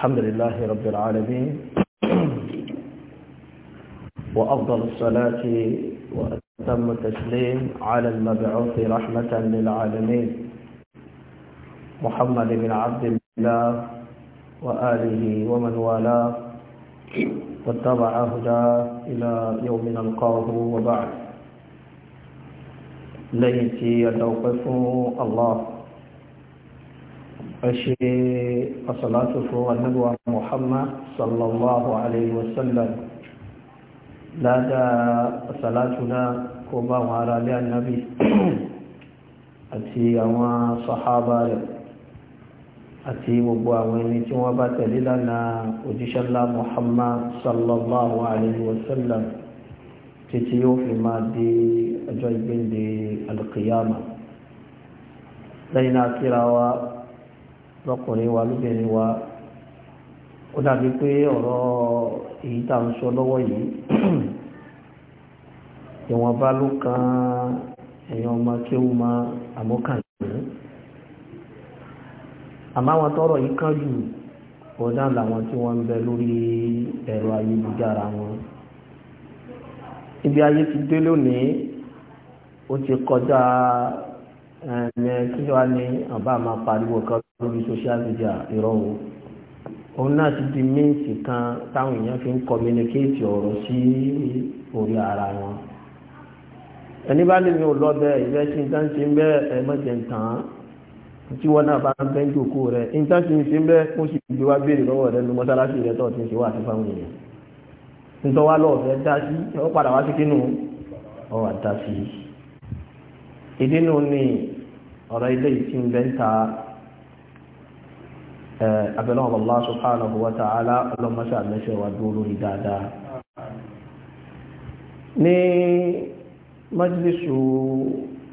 الحمد لله رب العالمين وأفضل الصلاة وأتم التسليم على المبعوث رحمة للعالمين محمد بن عبد الله وآله ومن والاه واتبع هداه إلى يوم نلقاه وبعد ليتي يتوقف الله أشي الصلاة فوق النبوة محمد صلى الله عليه وسلم لا دا صلاتنا كما وعلى النبي àti àwọn sọ̀hábà rẹ̀ àti gbogbo àwọn ẹni tí wọ́n bá tẹ̀lé lánàá òjíṣẹ́lá Muhammad sallallahu alayhi wa sallam títí yóò fi máa di ọjọ́ ìgbéǹde alqiyama lẹ́yìn náà kíra wa lọpụrụ wa lóbìnrin wa ó dàbí pé ọ̀rọ̀ èyí tá à ń sọ lọ́wọ́ yìí ìwọ̀nba ló kan èèyàn ọmọ kéwú ma àmọ́kànlẹ̀ àmọ́ àwọn tọ́rọ̀ yìí kán jù ọ̀dá làwọn tí wọ́n ń wọn ibi ayé ti dé lónìí ó ẹ̀ẹ̀mẹ́ kí wá ní àbá máa pariwo kan lórí social media ìrọ̀wọ́ òun náà ti di míǹsì kan táwọn èèyàn fi ń communicate ọ̀rọ̀ sí orí ara wọn ẹni bá lè mi ò lọ́bẹ̀ ìfẹ́ sí nǹkan ṣe ń bẹ́ tán tí wọ́n náà bá ń bẹ́ ń jòkó rẹ̀ nǹkan ń ń bẹ́ sì gbé wá béèrè lọ́wọ́ rẹ̀ ní rẹ̀ tó ti ń ṣe wá sí fáwọn èèyàn ìdí nù ní ọ̀rọ̀ ilé ìtì ń bẹ́ ń ta abẹ́lẹ́ Allah subhanahu wa ta'ala ọlọ́mọṣẹ́ àmẹ́ṣẹ́ wa dúró lórí dáadáa ní májílísù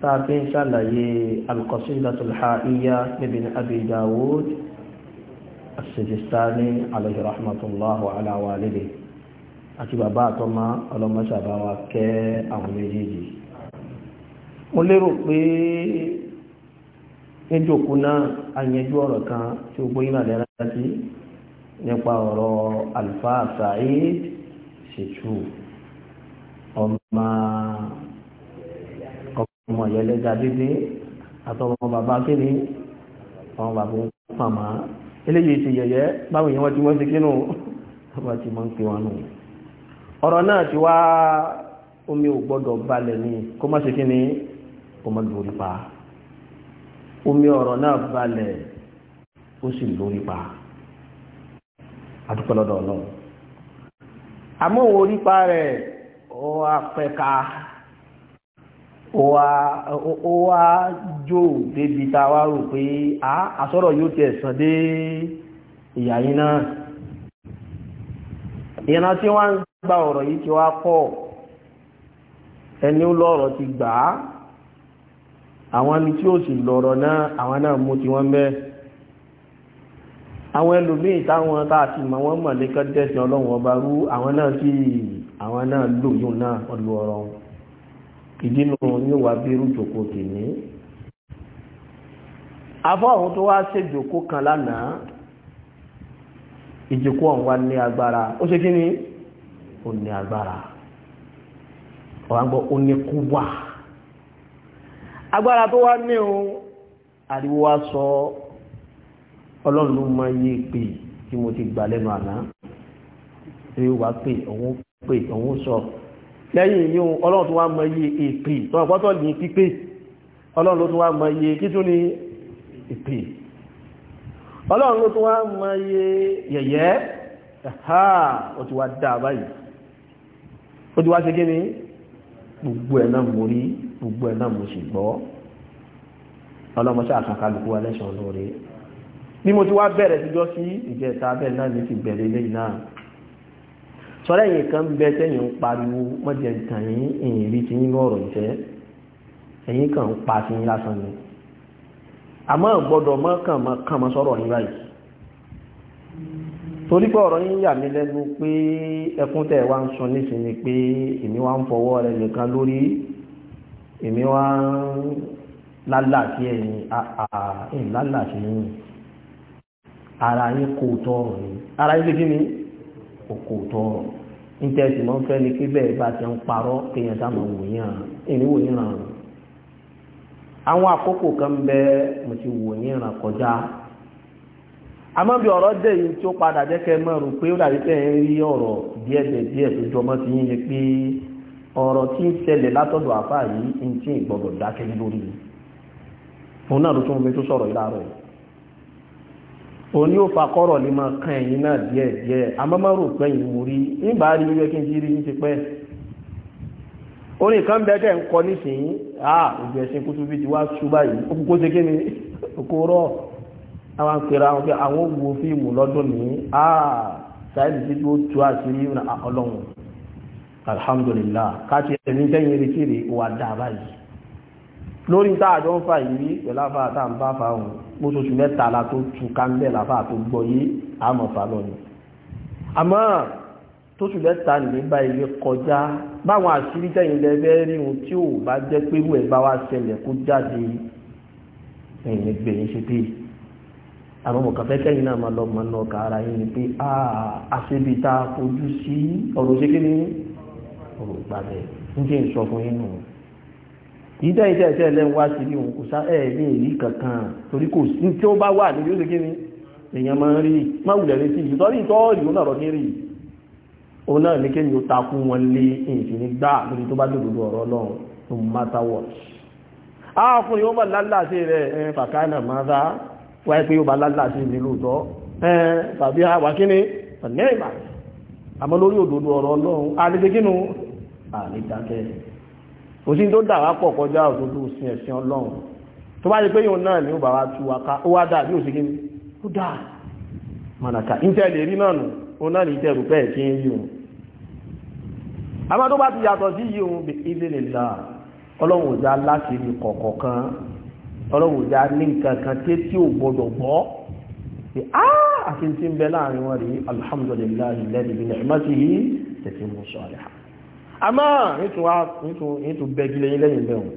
tàbí ń ṣàlàyé al-qasidatul ha'iyya ibn abi dawud as-sijistani alayhi rahmatullah wa àti bàbá àtọ́mọ́ ọlọ́mọṣẹ́ àbáwá kẹ́ àwọn méjèèjì mo lérò pé níjòkó náà àyẹjú ọ̀rọ̀ kan tí ó gbóyìn àlẹ́ rárá sí nípa ọ̀rọ̀ àlùfáà Saheed Shittu ọmọ ọmọ ìyẹlẹ́gà dédé àtọwọ́ bàbá kéde àwọn bàbá pàmà eléyìí ti yẹ̀yẹ́ báwọn èèyàn wọ́n ti wọ́n ti kínú wọ́n ti mọ́ ń pè wọn nù ọ̀rọ̀ náà ti wá omi ò gbọ́dọ̀ balẹ̀ ni kó má ṣe kí kó má lórí pa omi ọ̀rọ̀ náà balẹ̀ ó sì lórí pa adúpẹ́ lọ́dọ̀ ọlọ́run àmọ́ òun orí pa rẹ̀ ó wá pẹ́ka ó wá jó débi tá a wá rò pé àsọ̀rọ̀ yóò tiẹ̀ sàn dé ìyá yín náà ìran tí wọ́n ń gba ọ̀rọ̀ yìí ti wá pọ̀ ẹni ó lọ́rọ̀ ti gbà á àwọn ẹni tí ó sì lọ́rọ̀ náà àwọn náà mú ti wọ́n bẹ́ àwọn ẹlòmíì táwọn tá a ti mọ̀ wọ́n mọ̀ lẹ́kọ́ dẹ́sìn ọlọ́run ọba rú àwọn náà sì àwọn náà lòyún náà ọlú ọ̀rọ̀ ìdínú yóò wá bí irú jòkó tèmi afọ́ ọ̀hún tó wá ṣe jòkó kan lánàá ìjòkó ọ̀hún wá ní agbára ó ṣe kí ni ó ní agbára ọ̀hún gbọ́ ó ní kúwà agbára tó wá ní ohun àríwó wá sọ ọlọ́run ló mọ iye pè tí mo ti gbà lẹ́nu àná tí ó wá pè òun pè òun sọ lẹ́yìn ní ohun ọlọ́run tó wá mọ iye èpè tó àpọ́tọ̀ ní pípé ọlọ́run ló tó wá mọ iye kí tún ní èpè ọlọ́run ló tó wá mọ iye yẹ̀yẹ́ ha ó ti wá dá báyìí ó ti wá ṣe kí ni gbogbo ẹ̀ náà mórí gbogbo ẹ̀ náà mo sì gbọ́ ọlọ́mọṣẹ́ àtúnkálukú wa lóore mo ti wá bẹ̀rẹ̀ síjọ́ sí ìjẹta náà ní ti bẹ̀rẹ̀ lẹ́yìn náà sọ́rẹ́ ẹ̀yìn kan bẹ tẹ́yìn ń pariwo mọ́jẹ rí ti torí pé ọ̀rọ̀ yà mí lẹ́nu pé ẹkún wá ń pé èmi wá ń fọwọ́ lórí èmi wá ń lálàsí ẹ̀yìn ààrùn lálàsí yìí ara yín kò tọrọ ni ara yín lójú mi kò kò tọrọ nítẹ̀sí mọ́ fẹ́ ni pé bẹ́ẹ̀ bá ti ń parọ́ kéèyàn sáà máa wò yàn èmi wò yàn ràn àwọn àkókò kan bẹ mo ti wò yàn ràn kọjá àmọ́ bí ọ̀rọ̀ dẹ̀ yìí tó padà jẹ́ kẹ́ mọ́ rò pé ó dàbí pé ń rí ọ̀rọ̀ díẹ̀ díẹ̀ tó jọmọ́ sí yín ni pé ọ̀rọ̀ tí ń ṣẹlẹ̀ látọ̀dọ̀ àfáà yìí ń tí ìgbọ̀gbọ̀ dákẹ́ lórí òun náà tún omi tó sọ̀rọ̀ ìlàrọ̀ fa kọ́rọ̀ lè máa kan ẹ̀yìn náà díẹ̀ díẹ̀ pẹ́yìn rí nígbà rí wíwẹ́ kí n ti rí ní ti pẹ́ orin kan bẹ́ẹ̀ ń kọ nísìnyí àà òjò ẹ̀sìn kútu bí ti wá ṣúgbà yìí ó kúkó ṣe kí ni kó rọ̀ àwọn pé àwọn wo fíìmù lọ́dún sáyẹ́dì tí ó alhamdulillah káti ẹni tẹ́yìn retí rè wà dáa báyìí lórí táàjọ ń fa ìrí pẹ̀lú àfà tá à ń bá fa òun mọ́sọ̀sù mẹ́ta la tó tu káńbẹ́ làfà tó gbọ́ yé àmọ̀fà lọ́nìí àmọ́ tó tún lẹ́ta nìyí bá ilé kọjá báwọn àṣírí tẹ̀yìn lẹ́gbẹ́ rí ohun tí ò bá jẹ́ pé irú bá wá ṣẹlẹ̀ kó jáde ẹ̀yìn gbẹ̀yìn ṣe pé àwọn ọmọ kàfẹ́ kẹ́yìn náà máa lọ́gbọ̀n náà ká ara yín ni pé àṣebi fojú sí ọ̀rọ̀ ṣe kí ni ọ̀rọ̀ ìgbà bẹ́ẹ̀ ń jẹ́ ìsọ fún inú ìdá ìdá ìdá ẹlẹ́n wá sí ìhun kò sá ẹ̀ẹ́dẹ́ èrí kankan torí kò sí tí ó bá wà níbi ó ṣe kí ni èèyàn máa ń rí má wùlẹ̀ rí sí ìyí sọ́rí ìtọ́ọ̀lì ó nàrọ̀ ní rí òun náà ní kéèyàn ó takú wọn lé ìfìní gbà lórí tó bá dòdòdò ọ̀rọ̀ ọlọ́run no matter what. arákùnrin ó bá lálàsí rẹ̀ ẹ̀ fàkánà máa dá wáyé pé ó bá lálàsí mi lóòótọ́ ẹ̀ tàbí àwà kí ni àmọ́ lórí òdòdò ọ̀rọ̀ ọlọ́run àní dákẹ́ kò sí tó dà wá pọ̀ kọjá òdodo sin ẹ̀sìn ọlọ́run tó bá di pé yóò náà ní ó bá wá tú wa ká ó wá dà bí ó sì kíni ó dà mànàkà níta lè rí náà nù ó náà lè tẹ̀rù pẹ́ kí ń yí òun àmọ́ tó bá ti yàtọ̀ sí yí òun ilé lè là ọlọ́run òjá láti rí kọ̀ọ̀kọ̀ kan ọlọ́run òjá ní nǹkan kan tí tí ò gbọdọ̀ gbọ́ pé á àti ti ń bẹ láàrin wọn rí alhamdulillahi lẹ́nu ìbílẹ̀ ìmọ̀sí tẹ̀sí mú sọ àlẹ́ hàn àmọ́ nítorí bẹ́gilẹ̀ yín lẹ́yìn lẹ́hùn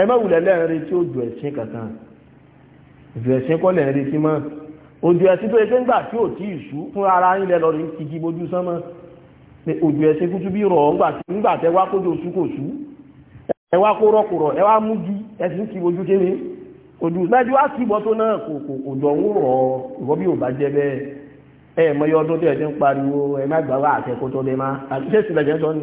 ẹ má wulẹ̀ lẹ́rin tí ó ju ẹ̀sìn kankan ju ẹ̀sìn kọ́ lẹ́rin sí mọ́ ojú ẹ̀sìn tó yẹ pé ńgbà tí ò tí ì sú fún ara yín lẹ́lọ́ rí ti jí bójú sánmọ́ ojú ẹ̀sìn kútú bí rọ̀ ńgbà tẹ wá kójú oṣù kò sú ẹ wá kó rọ́kùrọ̀ ẹ wá mú jí ẹ̀sìn ti bójú kéwìn ojú mẹ́jú wá sí ìbọn tó náà yọ ọdún tó yẹ ti ń pariwo ẹ má gbà wá àtẹ́kótó lẹ́ má àti ṣé ìsìlẹ̀ sọ ni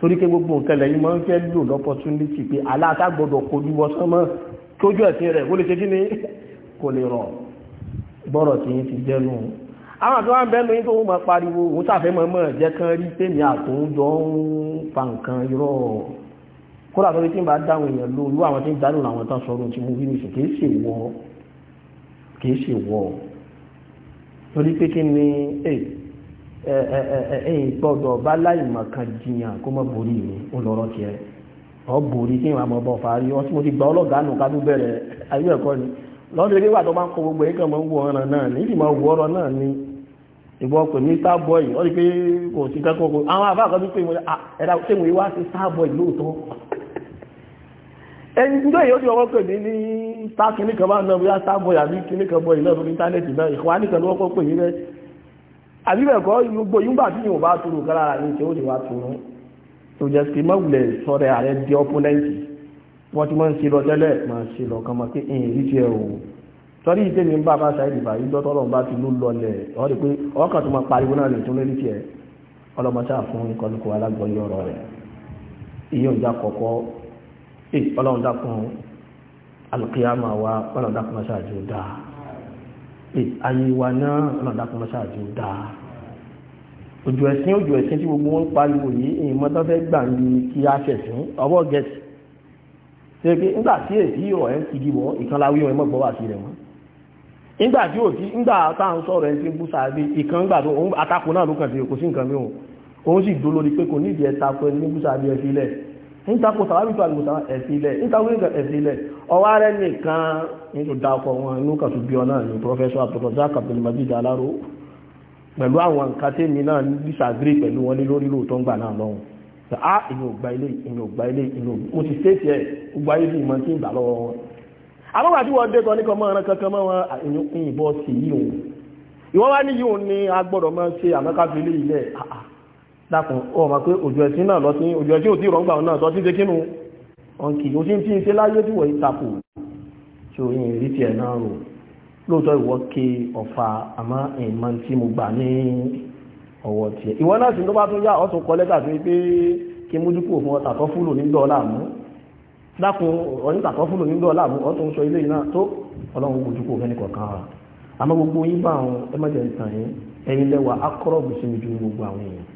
torí pé gbogbo nǹkan lẹ́yìn máa ń fẹ́ lò lọ́pọ̀túnítì pé aláàtà gbọ́dọ̀ kojú wọ́sán mọ́ tójú ẹ̀sìn rẹ̀ ó lè ṣe kí ni kò lè rọ̀ gbọ́rọ̀ tí yín ti jẹ́nu àwọn àti wọn bẹ́ẹ̀ lóyún tó ń máa pariwo òun sàfẹ́ mọ́ mọ́ jẹ́ kán rí tèmi àtòúnjọ ń fa nǹkan irọ́ kódà tó ní tí ń bá dáhùn èèyàn ló irú àwọn tí ń dánù làwọn tán sọ̀rọ̀ tí mo rí nìṣẹ́ kìí ṣe wọ́ kìí ṣe wọ́ torí pé kí ni ẹ̀yìn gbọ́dọ̀ bá láìmọ̀ kan jiyàn kó mọ́ borí mi ó lọ́rọ́ tiẹ̀ ọ borí tí ìwà mọ̀bọ̀ fàárí ọ tí mo ti gba ọlọ́gàá nù ká tó bẹ̀rẹ̀ ayé ẹ̀kọ́ ni lọ́dún ìgbà tó bá ń kọ gbogbo yìí kan mọ̀ ń ọ̀ràn náà ọ ti pé kò sí kò àwọn àbá ẹ̀dá ṣé mo wá sí starboy lóòótọ́ ẹni tó ó ti pè mí ní star kìnnìkan bá ń náà bóyá àbíbẹ̀kọ́ gbogbo yúgbà tí yóò bá túrò kárára ní tí ó sì wá túrò tó jẹ́ sí mọ́wùlẹ̀ sọ́rẹ̀ ààrẹ di ọ́pọ́lẹ́ǹtì wọ́n ti mọ́ ń ṣe lọ tẹ́lẹ̀ máa ṣe lọ kan mọ́ pé ìyìn rí tiẹ̀ o sọ́rí ìtẹ́ mi ń bá bá ṣáìdì bá yí dọ́tọ́rọ̀ bá ti ló lọlẹ̀ ọ́ rí pé ọkàn tó máa pariwo náà lè tún lórí tiẹ̀ ọlọ́mọṣá fún ìkọlùkọ Eh, ayé wa náà ọlọ́dàkùn mọ́ṣáàjú dáa òjò ẹ̀sìn òjò ẹ̀sìn tí gbogbo wọn pariwo yìí èyí mọ́tọ́ fẹ́ gbà ń lu kí á ṣẹ̀sìn ọwọ́ gẹ̀ẹ́sì ṣe pé nígbà tí èsì ìrọ̀ ẹ̀ ti dìbọ̀ ìkanláwí wọn mọ́ gbọ́wà sí rẹ̀ mọ́ nígbà tí ò sí nígbà táwọn sọ̀rọ̀ ẹ̀ ti bú sáré ìkan nígbà tó òun atakùn náà ló kàn sí kò sí nǹkan mìíràn òun sì dó lórí pé kò nídìí ẹ̀ takùn ẹ̀ ní bú sáré ẹ̀ sílẹ̀ nítakò sàwábìtò àlùmùsà ẹ̀sílẹ̀ nítakò ẹ̀sílẹ̀ ọwọ́ rẹ̀ nìkan nítorí dákọ̀ wọn inú kàtó bí ọ náà ní pọfẹ́sọ àtọ̀tọ̀já Abdulmajid Aláró pẹ̀lú àwọn nǹkan náà disagree wọn ní lórí lóòótọ́ ah, ilé ìyẹn ilé ìyẹn mo ti ilé kan kankan wọn ah, òun ìwọ́n wá ní òun ṣe ilẹ̀ dákun ó mọ̀ pé òjò ẹ̀sìn náà lọ sí òjò ẹ̀sìn òtí ìrọ̀ǹgbà náà tọ́ tí ṣe kínú ọ̀nkì o sì ń tí ń ṣe láyé tí wọ́n ìtàkù tí o yìn rí tiẹ̀ náà rò lóòótọ́ ìwọ ke ọ̀fà àmọ́ ìmọ̀ tí mo gbà ní ọwọ́ tiẹ̀ ìwọ náà sì ló bá tún yá ọ̀tún kọ lẹ́tà sí pé kí mójú kò fún ọ̀tà tó fúlò ní dọ́ọ̀là mú dákun ọ̀yìn tàkọ́ fúlò ní dọ́ọ̀là mú ọ̀tún sọ ilé iná tó ọlọ́run mójú kò fẹ́ nìkọ̀ọ̀kan wa àmọ́ gbogbo yín bá àwọn ẹmọ́jẹ̀ ìtàn yín ẹ̀yin lẹ́wà akọ́rọ̀bù sí mi ju gbogbo àwọn èèyàn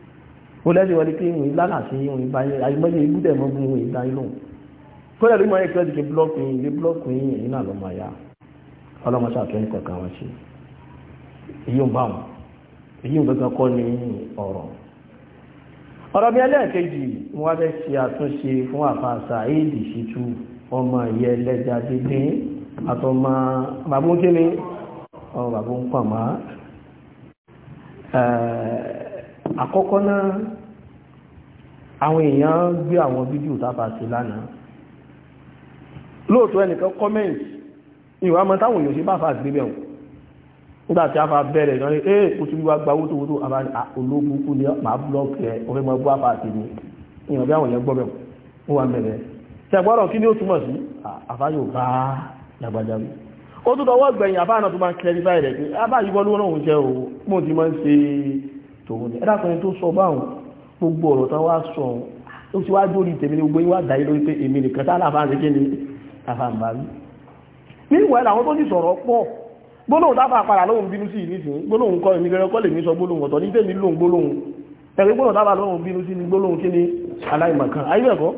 ó lẹ́sìn wọlé pé ìwọ̀n ìlànà sí ìwọ̀n ìbáyé àyùmọ́yé ibùdó ẹ̀mọ́ bí ìwọ̀n ìdáyé lòun kódà ló máa ń kí ọ́dìkì búlọ́ọ̀kì yìí ilé búlọ́ọ̀kì yìí èyí náà ló máa ọlọ́mọṣà tó ń kọ̀ọ̀kan wọn ṣe èyí ń bá wọn èyí ń gbẹ́gbẹ́ kọ́ ní ọ̀rọ̀ ọ̀rọ̀ bí ẹlẹ́ẹ̀kejì wọ́n fẹ́ ṣe àtúnṣe àkọ́kọ́ náà àwọn èèyàn gbé àwọn fídíò tábà sí lánàá lóòtọ́ ẹnìkan kọ́mẹ́ǹtì ìwà mọ́ táwọn èèyàn sí bá fà gbé bẹ̀rùn nígbàtí a fà bẹ̀rẹ̀ ìran ní ee kò tún bí wá gba owó tó wó tó àbá ológun kú ní màá búlọ́ọ̀kì ẹ ọ̀fẹ́ mọ́ bú àfà ni ó túmọ̀ sí àfà yóò bá lágbájá mi ó tún tọwọ́ tòun ni ẹ̀dàkùnrin tó sọ báwọn gbogbo ọ̀rọ̀ tán wá sọ ó ti wá dórí tèmi ní gbogbo ìwà dáyé lórí pé èmi nìkan tá àlàfà ní kí ni àfàǹbà rí níwọ̀ ẹ̀ làwọn tó ti sọ̀rọ̀ pọ̀ gbólóhùn tábà padà lóhùn bínú sí ìnísìn gbólóhùn kọ́ èmi gẹ́gẹ́ kọ́ lèmi sọ gbólóhùn ọ̀tọ̀ ní tèmi lóhùn gbólóhùn ẹ̀rí gbólóhùn tábà lóhùn bínú sí ni gbólóhùn kí ni aláìmọ̀kan ayébẹ̀kọ́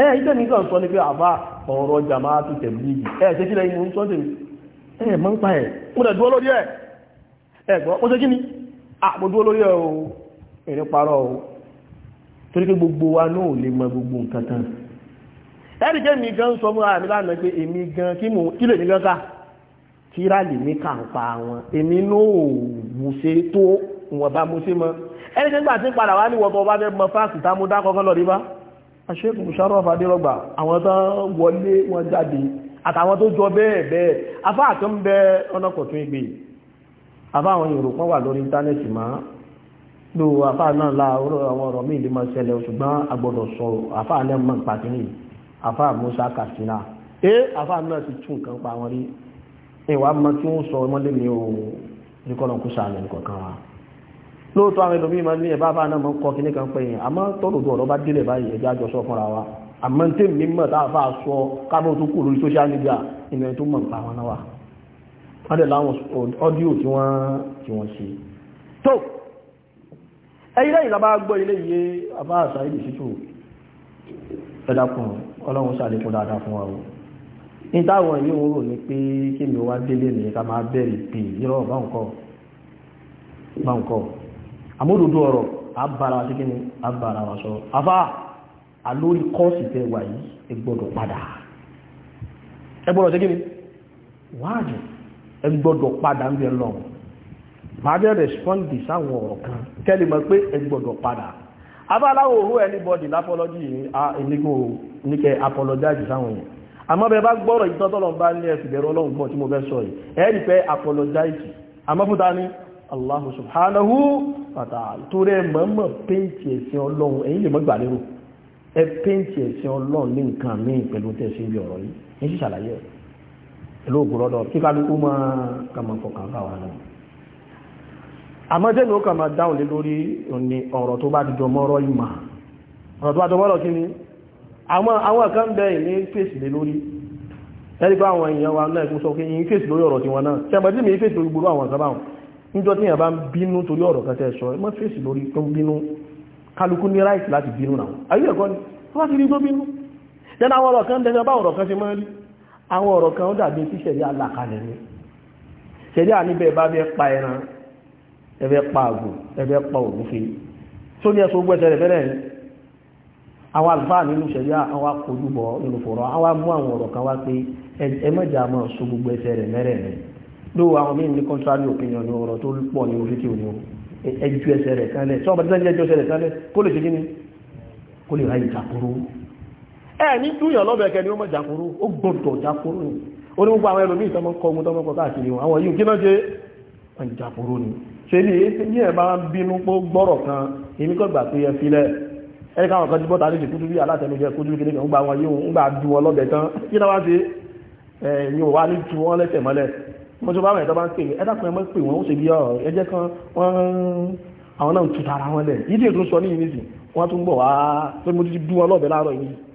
ẹ̀ ìtẹ́ mi kàn sọ ni pé àbá ọ̀rọ̀ jàmá tó tẹ̀lé yìí ẹ̀ ṣe kí lẹ́yìn mo ń sọ tèmi ẹ̀ mọ́ ń pa ẹ̀ mo dẹ̀ dúró lórí ẹ̀ ẹ̀ gbọ́ ó ṣe kí ni àpòdó ah, olórí ẹ̀rọ ìrìn parọ́ o torí pé gbogbo wa náà lè mọ gbogbo nǹkan kan ẹ̀rì jẹ́ mi gan sọ fún àmì lánàá pé èmi gan kí lè ní gan ká kíra lè ní kàǹpa wọn èmi náà mú ṣe tó wọn bá mú ṣe mọ ẹ̀rì jẹ́ nígbà tí ń padà wá ní wọ́pọ̀ bá fẹ́ mọ fáàkì tá mú dákọ́kọ́ lọ rí bá aṣẹ́kù Musharraf Adérọ́gbà àwọn tán wọlé wọn jáde àtàwọn tó jọ bẹ́ẹ̀ bẹ́ẹ̀ afáàkàn bẹ ọ̀nà kọ̀tún ìgbè àbáwọn èrò kan wà lórí íńtánẹ́ẹ̀tì máa ló àfáà náà la àwọn ọ̀rọ̀ míì lè máa ṣẹlẹ̀ ṣùgbọ́n agbọ́dọ̀ sọ̀rọ̀ àfáà náà mọ̀ pàtí àfáà Musa Katsina ẹ àfáà náà ti tún nǹkan pa wọn rí ìwà mọ tí ó ń sọ ọmọlé mi ò ní kọ́nà kó sàlẹ̀ nìkọ̀kan wa lóòótọ́ àwọn ẹlòmíì máa ní ẹ̀bá àfáà náà mọ̀ kọ́ kíní kan pé yẹn àmọ́ tọ́lọ́dún ọ̀rọ̀ bá délẹ̀ báyìí ẹ̀já jọ sọ fúnra wa àmọ́ tèmi adẹ̀ láwọn ọdíò tí wọ́n tí wọ́n ṣe tó ẹ̀yìnlẹ́ ìlàbá gbọ́ ilé iye àbá àṣà ìlú sítò ẹ̀dàkùn ọlọ́run sàlékún dáadáa fún wa o ní táwọn èyí ń rò ní pé kí mi wá délé ní ká máa bẹ̀rẹ̀ pé irọ́ báǹkọ́ àmúdòdó ọ̀rọ̀ àbára sí kí ni àbára wa sọ afá àlórí kọ́ọ̀sì tẹ́ wà yìí ẹ gbọ́dọ̀ padà ẹ gbọ́dọ̀ sí kí ni wáàdùn ẹ gbọ́dọ̀ padà ń bẹ lọ màá bẹ sáwọn ọ̀rọ̀ kan kẹ́lì mọ̀ pé ẹ padà abáláwo òru anybody lápọ́lọ́jì yìí a ìníkò níkẹ́ apologize sáwọn yẹn àmọ́ bẹ bá gbọ́rọ̀ ìtọ́tọ́lọ́n bá ní ẹ̀sìn bẹ̀rẹ̀ ọlọ́run gbọ́ tí mo fẹ́ sọ yìí ẹ̀ẹ́dì fẹ́ apologize àmọ́ fún ni Allah subhanahu wa ta'ala torí ẹ mọ̀ọ́mọ̀ péǹtì ẹ̀sìn ọlọ́run ẹ̀yin lè mọ́ gbà lérò ẹ péǹtì ẹ̀sìn ọlọ́run ní nǹkan míì pẹ̀lú tẹ̀sí ibi ọ̀rọ̀ yìí ẹ sì ṣàlàyé ẹ̀ lóògùn lọ́dọ̀ tí kálukú máa kàmọ̀ fọkàn bá wa náà àmọ́jẹ́ ní ó kà máa dáhùn lé lórí ní ọ̀rọ̀ tó bá dìjọ mọ́rọ̀ ìmọ̀ ọ̀rọ̀ tó bá dìjọ mọ́rọ̀ kí ni àwọn kan bẹ ìní fèsì lé lórí ẹ́ríkọ́ àwọn èèyàn wa náà kún sọ pé ìyìn fèsì lórí ọ̀rọ̀ tí wọ́n náà tẹ́ mọ̀dí mi fèsì lórí gbogbo àwọn sábàwọn níjọ́ tí èèyàn bá ń bínú torí ọ̀rọ̀ kan tẹ́ sọ mọ́ fèsì lórí tó ń bínú kálukú ní ráìtì láti bínú náà ayé ẹ̀kọ́ ni wọ́n ti rí tó bínú àwọn ọ̀rọ̀ kan ó dàbí tí ṣẹ̀rí alákalẹ̀ ní ṣẹ̀rí àníbẹ̀ bá bẹ́ pa ẹran ẹbẹ́ pa àgbò ẹbẹ́ pa tó ní ẹsọ gbẹ́sẹ̀ rẹ̀ fẹ́rẹ̀ àwọn àlùfáà nínú ṣẹ̀rí àwọn nínú fọ̀rọ̀ àwọn àwọn ọ̀rọ̀ kan wá pé gbogbo ẹsẹ̀ rẹ̀ mẹ́rẹ̀ rẹ̀ ló àwọn míì ní contrary opinion ní ọ̀rọ̀ tó pọ̀ ní orí tí ò ní ẹjú ẹsẹ̀ rẹ̀ tí wọ́n bá ti ẹ ní túyàn lọ́bẹ̀ẹ́kẹ́ ni ó mọ̀ jàkúrú ó gbọ́dọ̀ jàkúrú ni ó ní gbogbo àwọn ẹlòmí ìtọ́mọ́ kọ́ ogun tọ́mọ́ kọ́ káàkiri wọn àwọn yìí kí náà ṣe wọ́n jàkúrú ni ṣe ní ní ẹ̀ bá ń bínú pó gbọ́rọ̀ kan èmi kọ́ gbà pé ẹ filẹ̀ ẹni káwọn kan ti bọ́ta ní ìṣèkútú bí alátẹnujẹ kújú kí nìkan gba wọn yóò ń gbà ju wọn ṣe ní ju kan ẹmọ́ pè wọ́n ó ṣe bí ọ̀rọ̀ ẹjẹ́ kan wọ́n àwọn náà ń tuta ara wọn lẹ̀ yídì ètò sọ ní ìnísìn wọ́n tún bọ̀ wá pé mo ti dú wọn lọ́bẹ̀ láàárọ̀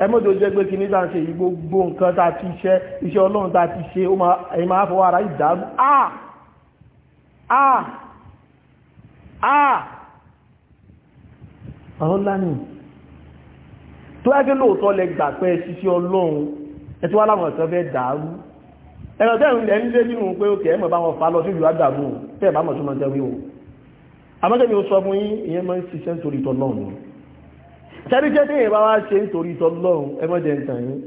ẹ mọ́tò jẹ́ pé kí ní sáà ń ṣe yìí gbogbo nǹkan tá a ti ṣe iṣẹ́ ọlọ́run tá a ti ṣe ó máa ẹ̀yìn máa ara ìdààmú ah ah ah ọ̀rọ̀ lánì tó ẹgbẹ́ lóòótọ́ lẹ gbà pé ṣiṣẹ́ ọlọ́run ẹ tí wá láwọn ọ̀sán fẹ́ dàrú ẹ̀rọ tẹ́ ìrìnlẹ̀ ń lé nínú pé òkè ẹ̀mọ̀ bá wọn fà lọ sí ìlú àdàmú tẹ́ ẹ̀ bá mọ̀ tó máa tẹ́wé o àmọ́tẹ́mi ó sọ fún yín ìyẹn máa ń ṣiṣẹ́ tẹ́ríṣẹ́ tí ìbá wá ṣe nítorí ìtọ́lọ́run ẹmọ́jẹ ìtàn yìí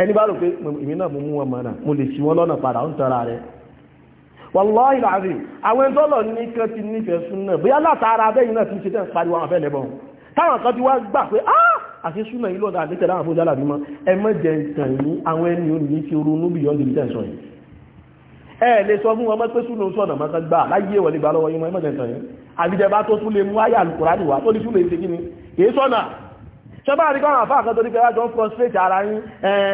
ẹni bá rò pé èmi náà mú wọn mọ̀nà mo lè ṣí wọn lọ́nà padà ń tọ́ra rẹ̀ wàláhì láàrin àwọn ẹ̀ńtọ́lọ̀ ní kan ti nífẹ̀ẹ́ súnà bóyá látara abẹ́yìn náà ti ń ṣe tẹ́ pariwo àwọn afẹ́lẹ́ bọ̀ táwọn kan ti wá gbà pé á ah! àti súnà yìí lọ́dà àdékẹ́lá àwọn afọ́jálà bímọ ẹmọ́jẹ ìtàn yìí àwọn ẹni ò ní fi ronú bìyọ́n lè tẹ̀ sọ yìí ẹ lè sọ fún wọn ni èé ṣọ́bá àríkọ́rùn àfáà kan torí pẹ̀lájọ́ ń frustrate ara yín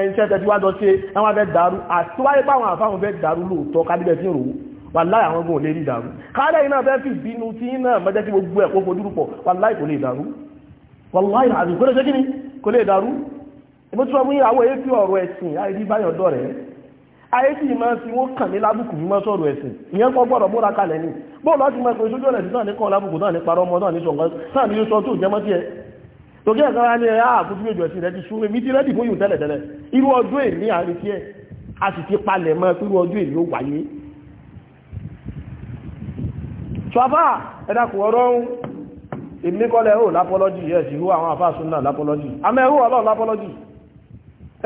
iṣẹ́ tẹ̀síwájọ́ ṣe ẹwọ́n abẹ́ dàrú àti wáyé pàwọn àfáà fẹ́ dàrú lóòótọ́ kádìbẹ̀ sí òrùn wàláì àwọn ogun ò lè rí ìdàrú káàlẹ̀ iná fẹ́ fi ìbínú tí iná mẹ́jẹ́ kí gbogbo ẹ̀kọ́ fojú rúpọ̀ wàláì kò lè ìdàrú wàláì àdùn kó lè ṣe kí ni kò lè ìdàrú ìbó tí wọ́n mú àwọn èyí fi ọ̀rọ̀ ẹ̀sìn àìrí báyọ̀dọ̀ ayé tí ìmọ̀ sí wọ́n kàn ní lábùkù mímọ́ sọ̀rọ̀ ẹ̀sìn ìyẹn kọ́ gbọ́dọ̀ múra kalẹ̀ ni bóòlù láti mọ̀ pé sójú ọ̀nà náà ní kọ́ lábùkù náà ní parọ́ náà ní sọ̀kan náà ní sọ tó jẹmọ́ tiẹ̀ tòkí ẹ̀sán wá ní ẹ̀yà àkójú méjì ọ̀sìn rẹ̀ ti ṣúré mi ti rẹ́dì fún yìí tẹ́lẹ̀tẹ́lẹ̀ irú ọdún èmi àrètí ẹ̀ a sì ti palẹ̀ mọ́ pé irú ọdún èmi ó wáyé ṣọ́fà ẹ̀dàkùn ọ̀rọ̀ èmi kọ́lẹ̀ ó lápọ́lọ́jì ẹ̀ sì rú àwọn àfáà súnà lápọ́lọ́jì àmọ́ ẹ̀rú ọlọ́run lápọ́lọ́jì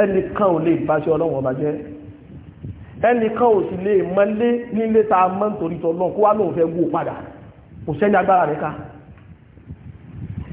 ẹnìkan ò lè báṣẹ́ ọlọ́run ọba jẹ́ ẹnìkan ò sì lè mọ́lé nílé ta mọ́ nítorí tọ́lọ́run kó wá lóun fẹ́ wó padà kò sẹ́ni agbára rẹ̀ ká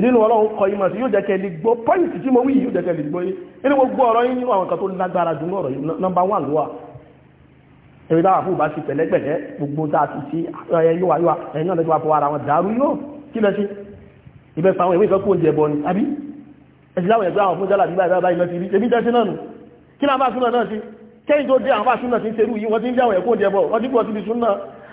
Ni ọlọ́run kọ ìmọ̀ sí yóò jẹ́ kẹ́ lè gbọ́ pọ́ìntì tí mo wí yóò jẹ́ kẹ́ lè gbọ́ yé inú gbogbo ọ̀rọ̀ yín nínú àwọn kan tó lágbára jù lọ́rọ̀ yìí nọ́mbà wà lówà èrè dáwà fún ìbáṣe pẹ̀lẹ́gbẹ̀lẹ́ gbogbo tá a ti ti ẹyẹ yíwa yíwa ẹ̀yìn náà lọ́jọ́ àfọwọ́ ara wọn dàrú yóò kí lọ sí ibẹ̀ pa àwọn ìwé ìfẹ́ kó oúnjẹ bọ ni àbí ẹ̀sìn láwọn ẹ̀gbẹ́ àwọn fún jálà nígbà ìbára ìlọ ti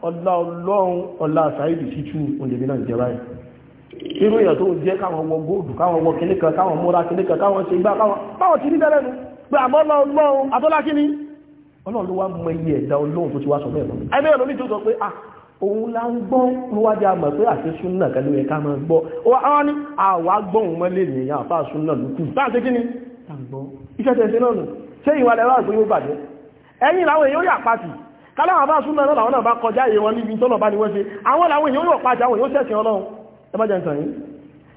ọlá ọlọ́run ọlá sàídì títú olèmí náà jẹ báyìí irú èyàn tó ń jẹ́ káwọn wọ góòdù káwọn wọ kìnníkan káwọn múra kìnníkan káwọn ṣe gbá káwọn ti rí bẹ́rẹ̀ nù pé àmọ́ ọlá ọlọ́run àtọ́lá kí ni ọlọ́run ló wá mọ iye ẹ̀dá ọlọ́run tó ti wá sọ bẹ́ẹ̀ lọ́nà ẹgbẹ́ ọ̀nà oníjó sọ pé à ah, òun la ń gbọ́ ló wájú àmọ̀ pé àti súnà kẹlẹ́ ẹ̀ká máa gbọ́ àwọn ni àwa gbọ́ òun mọ́lẹ̀ nìyàn àfáà súnà lùkù táàṣe kí ni iṣẹ́ tẹ̀sí náà nù ṣé ìwà lẹ́wà àgbóyó bàjẹ́ ẹ̀yìn làwọn èèyàn yà pàtì káláwà bá súnmọ́ náà làwọn náà bá kọjá èyí wọn níbi tọ́lọ̀ bá ní wọ́n ṣe àwọn làwọn èèyàn yóò pàjá àwọn èèyàn sẹ́sìn ọlọ́run ẹmọ́jẹ́ yìí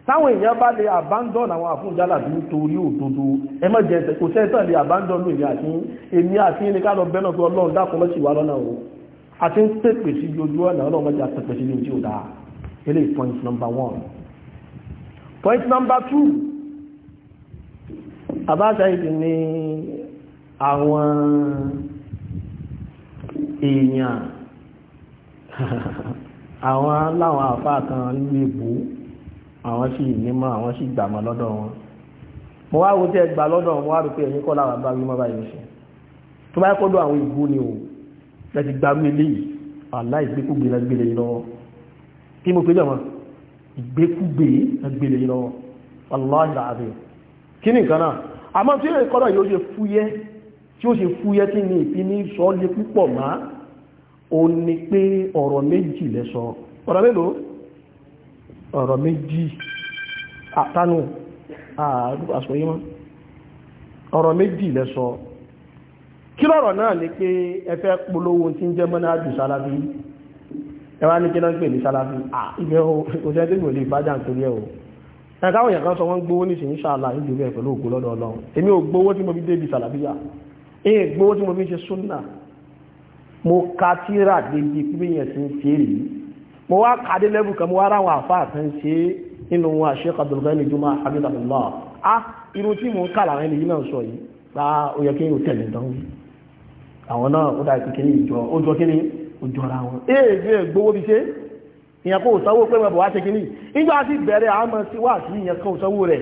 táwọn èèyàn bá lè abandon àwọn àfúnjálà bí torí òdodo ẹmọ́jẹ́ ìtàn ìdí ni àwọn èèyàn àwọn láwọn àfáà kan lè bú àwọn sì nímọ̀ àwọn sì gbàmọ̀ lọ́dọ̀ wọn mo wá wo tẹ́ gbà lọ́dọ̀ wọn wá rí pé ẹ̀yìn kọ́ láwọn bá rí mọ́ báyìí ṣe tó bá kọ́dọ̀ àwọn ìbú ni o lẹ́ti gbàmú eléyìí aláìgbékúgbé lágbélé yìí lọ́wọ́ kí mo pè jọmọ́ ìgbékúgbé lágbélé yìí lọ́wọ́ aláìláàbẹ̀ kí ni nǹkan náà àmọ́ tí ó kọ́dọ̀ yóò ṣe fúyẹ́ tí ó ṣe fúyẹ́ tí ní ìpíní sọ lè púpọ̀ má o ní pé ọ̀rọ̀ méjì lẹ́sọ ọ̀rọ̀ mélòó ọ̀rọ̀ méjì àtánù àṣòyímọ́ ọ̀rọ̀ méjì lẹ́sọ kí lọ́rọ̀ náà ní pé ẹfẹ́ polówó tí ń jẹ́ mọ́nà àjù sálábí ẹwà ní kí náà ń pè ní sálábí ìgbẹ́ òṣèré tí mi ò lè bájà nítorí ẹ̀ o ẹ̀káwọn èèyàn kan sọ wọ́n gbówó nísìnyí sáàlà ìjọba ẹ̀ pẹ̀lú ògbó lọ́dọ̀ ọlọ́run èmi ò gbówó tí mo ègbó tí mo fi ṣe súnà mo ka tíra débi pípéyàn sí ṣe rí mo wá kàdé lẹ́bù kan mo wá ráwọn àfáà kan ṣe nínú wọn àṣẹ kàdùrùkẹ́ ní jùmọ́ àbíkàbùlọ́ á irun tí mo ń kà láwọn ènìyàn náà sọ yìí bá ó yẹ kí n ò tẹ̀lé dánwò àwọn náà ó dá ìpín kíní ìjọ ó jọ kíní ó jọra wọn èèfé gbowó bí ṣe ìyẹn kó sanwó pé mo bọ̀ wá ṣe kíní nígbà tí bẹ̀rẹ̀ àmọ́ sí wá sí ìyẹn kó sanwó rẹ̀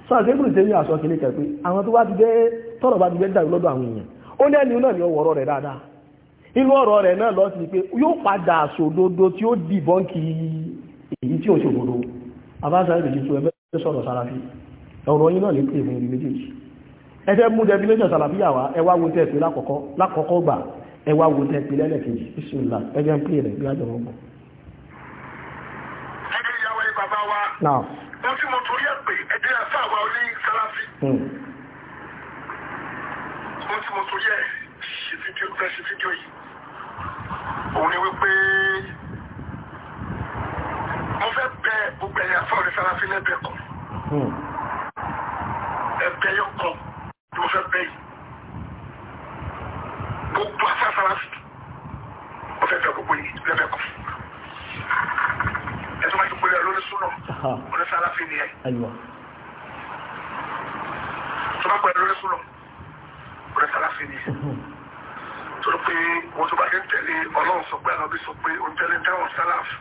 sọ àti ebùrù tẹ́lẹ̀ àṣọ kìíní kan pé àwọn tó bá ti jẹ́ tọ́rọ̀ bá ti jẹ́ dàrú lọ́dọ̀ àwọn èèyàn ó ní ẹni náà ni ó wọ̀rọ̀ rẹ̀ dáadáa inú ọ̀rọ̀ rẹ̀ náà lọ sí pé yóò padà sòdodo tí ó dì bọ́ǹkì èyí tí ó ṣòdodo abáṣà ìrèjì tó ẹgbẹ́ sọ̀rọ̀ sàràfí ọ̀rọ̀ yín náà lè pè fún ìrìn méjèèjì ẹjẹ́ mú definition sàràfí àwá ẹwà wo tẹ́ pé lákọ̀ọ́kọ́ gbà ẹwà wo tẹ́ pé lẹ́lẹ̀kejì ìṣúnlá ẹjẹ́ ń pè rẹ̀ bí àjọ ọgbọ̀n. ẹgbẹ́ ìyàwó wọ́n tí mo torí ẹ̀ pé ẹ̀dẹ́ àfáàwà orí sáláfí wọ́n hmm. tí mo torí ẹ̀ ṣe fídíò fẹ́ ṣe fídíò yìí òun ni wípé mo fẹ́ bẹ gbogbo ẹ̀yà àfáà orí sáláfí lẹ́bẹ̀ẹ́ kan ẹ̀bẹ̀ yọ kan ni mo fẹ́ bẹ yìí gbogbo àfáà sáláfí mo fẹ́ bẹ gbogbo yìí lẹ́bẹ̀ẹ́ kan ẹ̀sùn máa ti pẹ̀lú ẹ̀ lórí súnà àfin nìyẹn. tọ́lá gba ẹ̀rọ lẹ́kùn lọ rẹ̀ sára fi nìyẹn. torí pé wọ́n tó bá ṣe ń tẹ̀lé ọlọ́run sọ pé àwọn bí sọ pé òun tẹ̀lé ń tẹ́wọ̀n sálàfù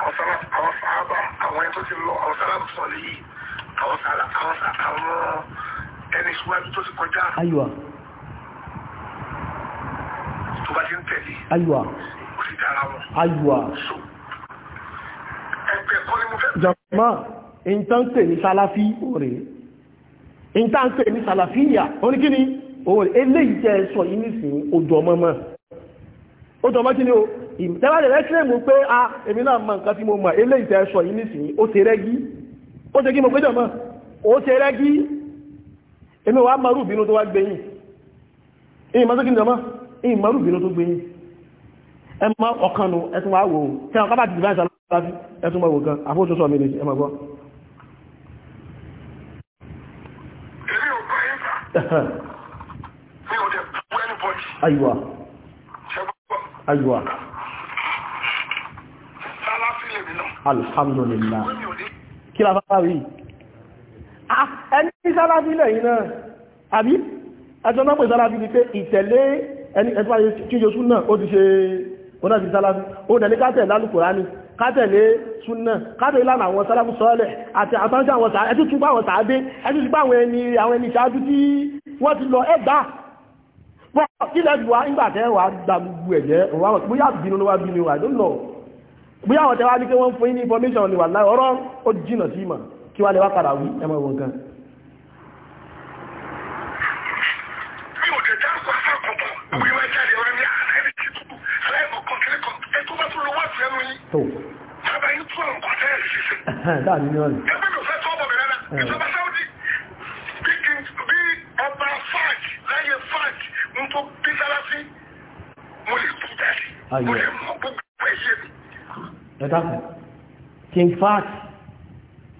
àwọn sálàfù àwọn sàábà àwọn ẹni tó ti lọ àwọn sálàfù sọ lè yí àwọn sálàfù àwọn ẹni ìṣúwájú tó ti kọjá. tó bá ṣe ń tẹ̀lé. ayiwa. ó ìntànpè ní sálàfí òrè ìntànpè ní sálàfíyà oníkíní òrè eléyìí jẹ́ sọ yìí nísìnyí ojú ọmọ mọ́ ojú ọmọ kíní o ìtẹ́wàlẹ̀ rẹ́kẹ́rẹ́ mú pé a èmi náà mọ nǹkan tí mo mọ̀ eléyìí jẹ́ sọ yìí nísìnyí ó ti rẹ́gí ó ti kí mo péjọ mọ́ ó ti rẹ́gí èmi wàá marú ìbínú tó wá gbẹ̀yìn ìmọ̀ tó mi lè ṣe ẹ Àyíwá. Àyíwá. Alhamdulillah. Kí la bá rí? Ah, ẹni sálábí lẹ́yìn náà, àbí? Ẹjọ́ náà pè sálábí ni pé ìtẹ̀lé ẹni ẹgbẹ́ tí Jésù náà ó ti ṣe ọ̀nà ti sálábí. Ó dẹ̀ ní ká tẹ̀ lálùkùránì kátẹ̀lé súnnà kátẹ̀ ìlànà àwọn sàlàfù sọ́ọ̀lẹ̀ àti àtànṣe àwọn sàádé ẹ̀tí túnbà àwọn sàádé ẹ̀tí túnbà àwọn ẹni àwọn ẹni ṣáájú tí wọ́n ti lọ ẹgbà pọ̀ ilẹ̀ ìwà ìgbàtẹ́ wà gbà gbogbo ẹ̀jẹ́ bóyá bínú ló wá bínú I don't know bóyá àwọn tẹ́wàá ní kí wọ́n fún ní information ni wà láì ọ̀rọ̀ ó jìnà sí ìmọ̀ kí wá lè wá padà wí ẹmọ ìwọ̀n kan Oh láàrin ní ọ̀rẹ́ ẹ̀dàfẹ́ kí n fàáàkì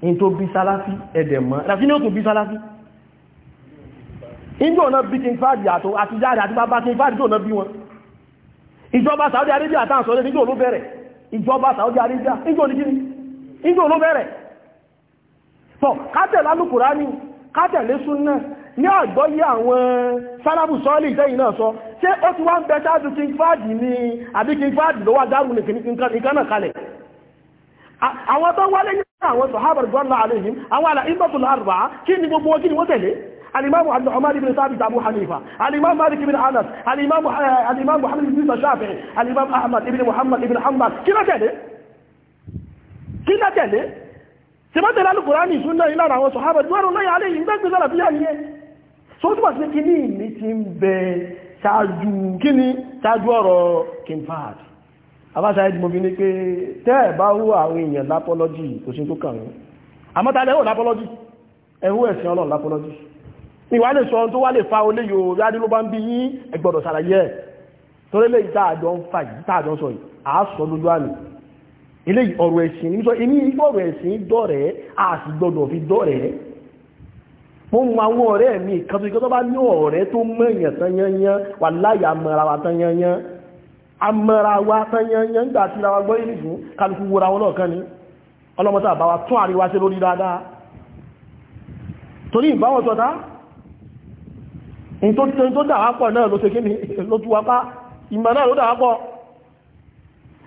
in tó bí sáláfí ẹ̀dẹ̀mọ́ ẹ̀dàfí ní ó tún bí sáláfí ìjọ ọ̀nà bí kí n fàáàkì àtò àti jáde àti bàbá kí n fàáàkì tó ọ̀nà bí wọn ìjọba Saudi Arabia àtàǹsọ́lẹ́ níjọ́ ló bẹ̀rẹ̀ ìjọba Saudi Arabia níjọ́ ní kíni nígbà ló bẹ̀rẹ̀ tọ̀ kátẹ̀lá Al-Kùránì kátẹ̀lé súnnà ní àgbọ́yé àwọn sálábù sọ́ọ̀lì ìtẹ́yìn náà sọ ṣé ó ti wá ń bẹ ṣáájú king fad ní àbí king fad ló wá dárú nìkan náà kalẹ̀ àwọn tó wálé ní àwọn sọ̀hábàrì gọ́ọ̀lá àlẹ́yìn àwọn الإمام عبد الرحمن بن ثابت أبو حنيفة الإمام مالك بن أنس الإمام الإمام محمد بن الشافعي الإمام أحمد بن محمد بن حنبل كلا كده kí náà tẹ̀lé tìmọ́tẹ̀lá alùkùránì ìsúná ìlànà àwọn sọ̀hábà dúwọ́rọ̀ lọ́yà alẹ́ yìí gbẹ́gbẹ́ sára bí yáyẹ so ó túnbà sí kí ní ìní ti ń bẹ ṣáájú kí ní ṣáájú ọ̀rọ̀ kinfad abáṣáyé mo fi ní pé tẹ́ ẹ̀ bá wú àwọn èèyàn lápọ́lọ́jì kò sí tó kàn àmọ́tàlẹ́ ò lápọ́lọ́jì ẹ̀hú ẹ̀sìn ọlọ́run lápọ́lọ́jì ìwà lè sọ tó wá lè fa olé yóò rádí ló bí yí torí lè ìtààjọ́ ń fà yìí ìtààjọ́ sọ yìí àásọ lójú àmì ilé ọ̀rọ̀ ẹ̀sìn ní sọ inú ọ̀rọ̀ ẹ̀sìn dọ̀rẹ́ àti gbọdọ̀ fi dọ̀rẹ́ mo mọ àwọn ọ̀rẹ́ mi kan tó ìkọ́tọ́ bá ní ọ̀rẹ́ tó mọ̀yàn tanyanyan wà láyà mọ́ra wa tanyanyan amọ́ra wa tanyanyan nígbà tí ra wa gbọ́ ìrìn fún kálukú wọra wọn lọ́ọ̀kan ni ọlọ́mọta àbáwa tún àríwá sí lórí dáadáa torí ìbáwọ̀ tọ́ta ìtòtò tó dàwápọ̀ náà ló ṣe kí ni ló tú wapá ìmọ̀ náà ló dàwápọ̀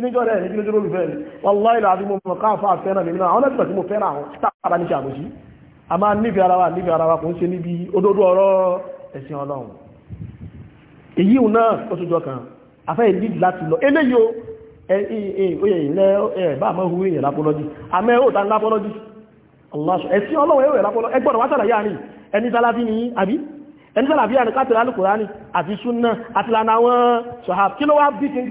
kí níjọ́ rẹ̀ kí níjọ́ olùfẹ́ rẹ̀ wàllá ìlà àti mo mọ̀ káàfà fẹ́ràn mi náà àwọn ẹgbẹ́ tí mo fẹ́ràn àwọn tààrà ní ṣàbòsí a máa nífẹ̀ẹ́ ara wa nífẹ̀ẹ́ ara wa kò ń ṣe níbi òdodo ọ̀rọ̀ ẹ̀sìn ọlọ́run èyí ò náà ó tó jọ kan afẹ́ ìdí láti lọ eléyìí ó yẹ ilẹ̀ ẹ̀ bá àmọ́ ìhúwé yẹn lápọ́lọ́jì àmọ́ ó ta lápọ́lọ́jì ẹni sálábí ni àbí ẹni sálábí àárín àti súnà àti lànà àwọn sọ̀hàb kí ló wá bí 25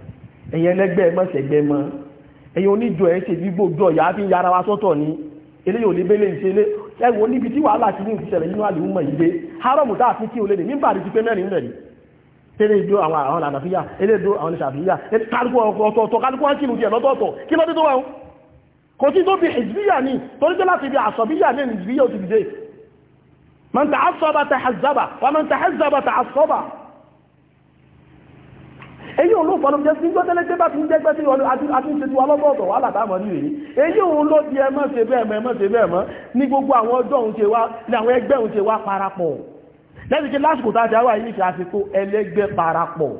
ẹ̀yin ẹlẹ́gbẹ́ mọ́sẹ̀gbẹ́ mọ́ ẹ̀yin oníjọ ẹ̀ ṣe gbígbó jọ ìyá fi ń yára wa sọ́tọ̀ ni eléyìí ò lè bẹ́lẹ̀ ìṣe lé ẹ̀wọ̀n níbi tí wàhálà ti ní ìṣẹ̀lẹ̀ nínú àlè ọmọ yìí dé hárọ̀mù tá a fi kí o lè ní nígbà tí pé mẹ́rin mẹ́rin tẹ́lẹ̀ ìjọ àwọn àwọn àlàfíà eléèdó àwọn ìṣàfíà kálukú ọ̀tọ̀ọ̀tọ̀ kálukú wọn kìlù tiẹ̀ lọ́tọ̀ọ̀tọ̀ kí lọ́dún tó wà ó èyí òun ló fọlọ jẹ sí gbọ́ tẹ́lẹ̀ tẹ́ bá ti ń jẹ́gbẹ́ sí ọdún àtúnṣe tí wà lọ́gọ́ọ̀tọ̀ wà látàmọ́ ní èyí èyí òun ló di ẹmọ́ ṣe bẹ́ẹ̀ mọ́ ẹmọ́ ṣe bẹ́ẹ̀ mọ́ ní gbogbo àwọn ọjọ́ òun ṣe wá ní àwọn ẹgbẹ́ òun ṣe wá parapọ̀ lẹ́yìn tí lásìkò tá a ti wá yìí ṣe àsìkò ẹlẹ́gbẹ́ parapọ̀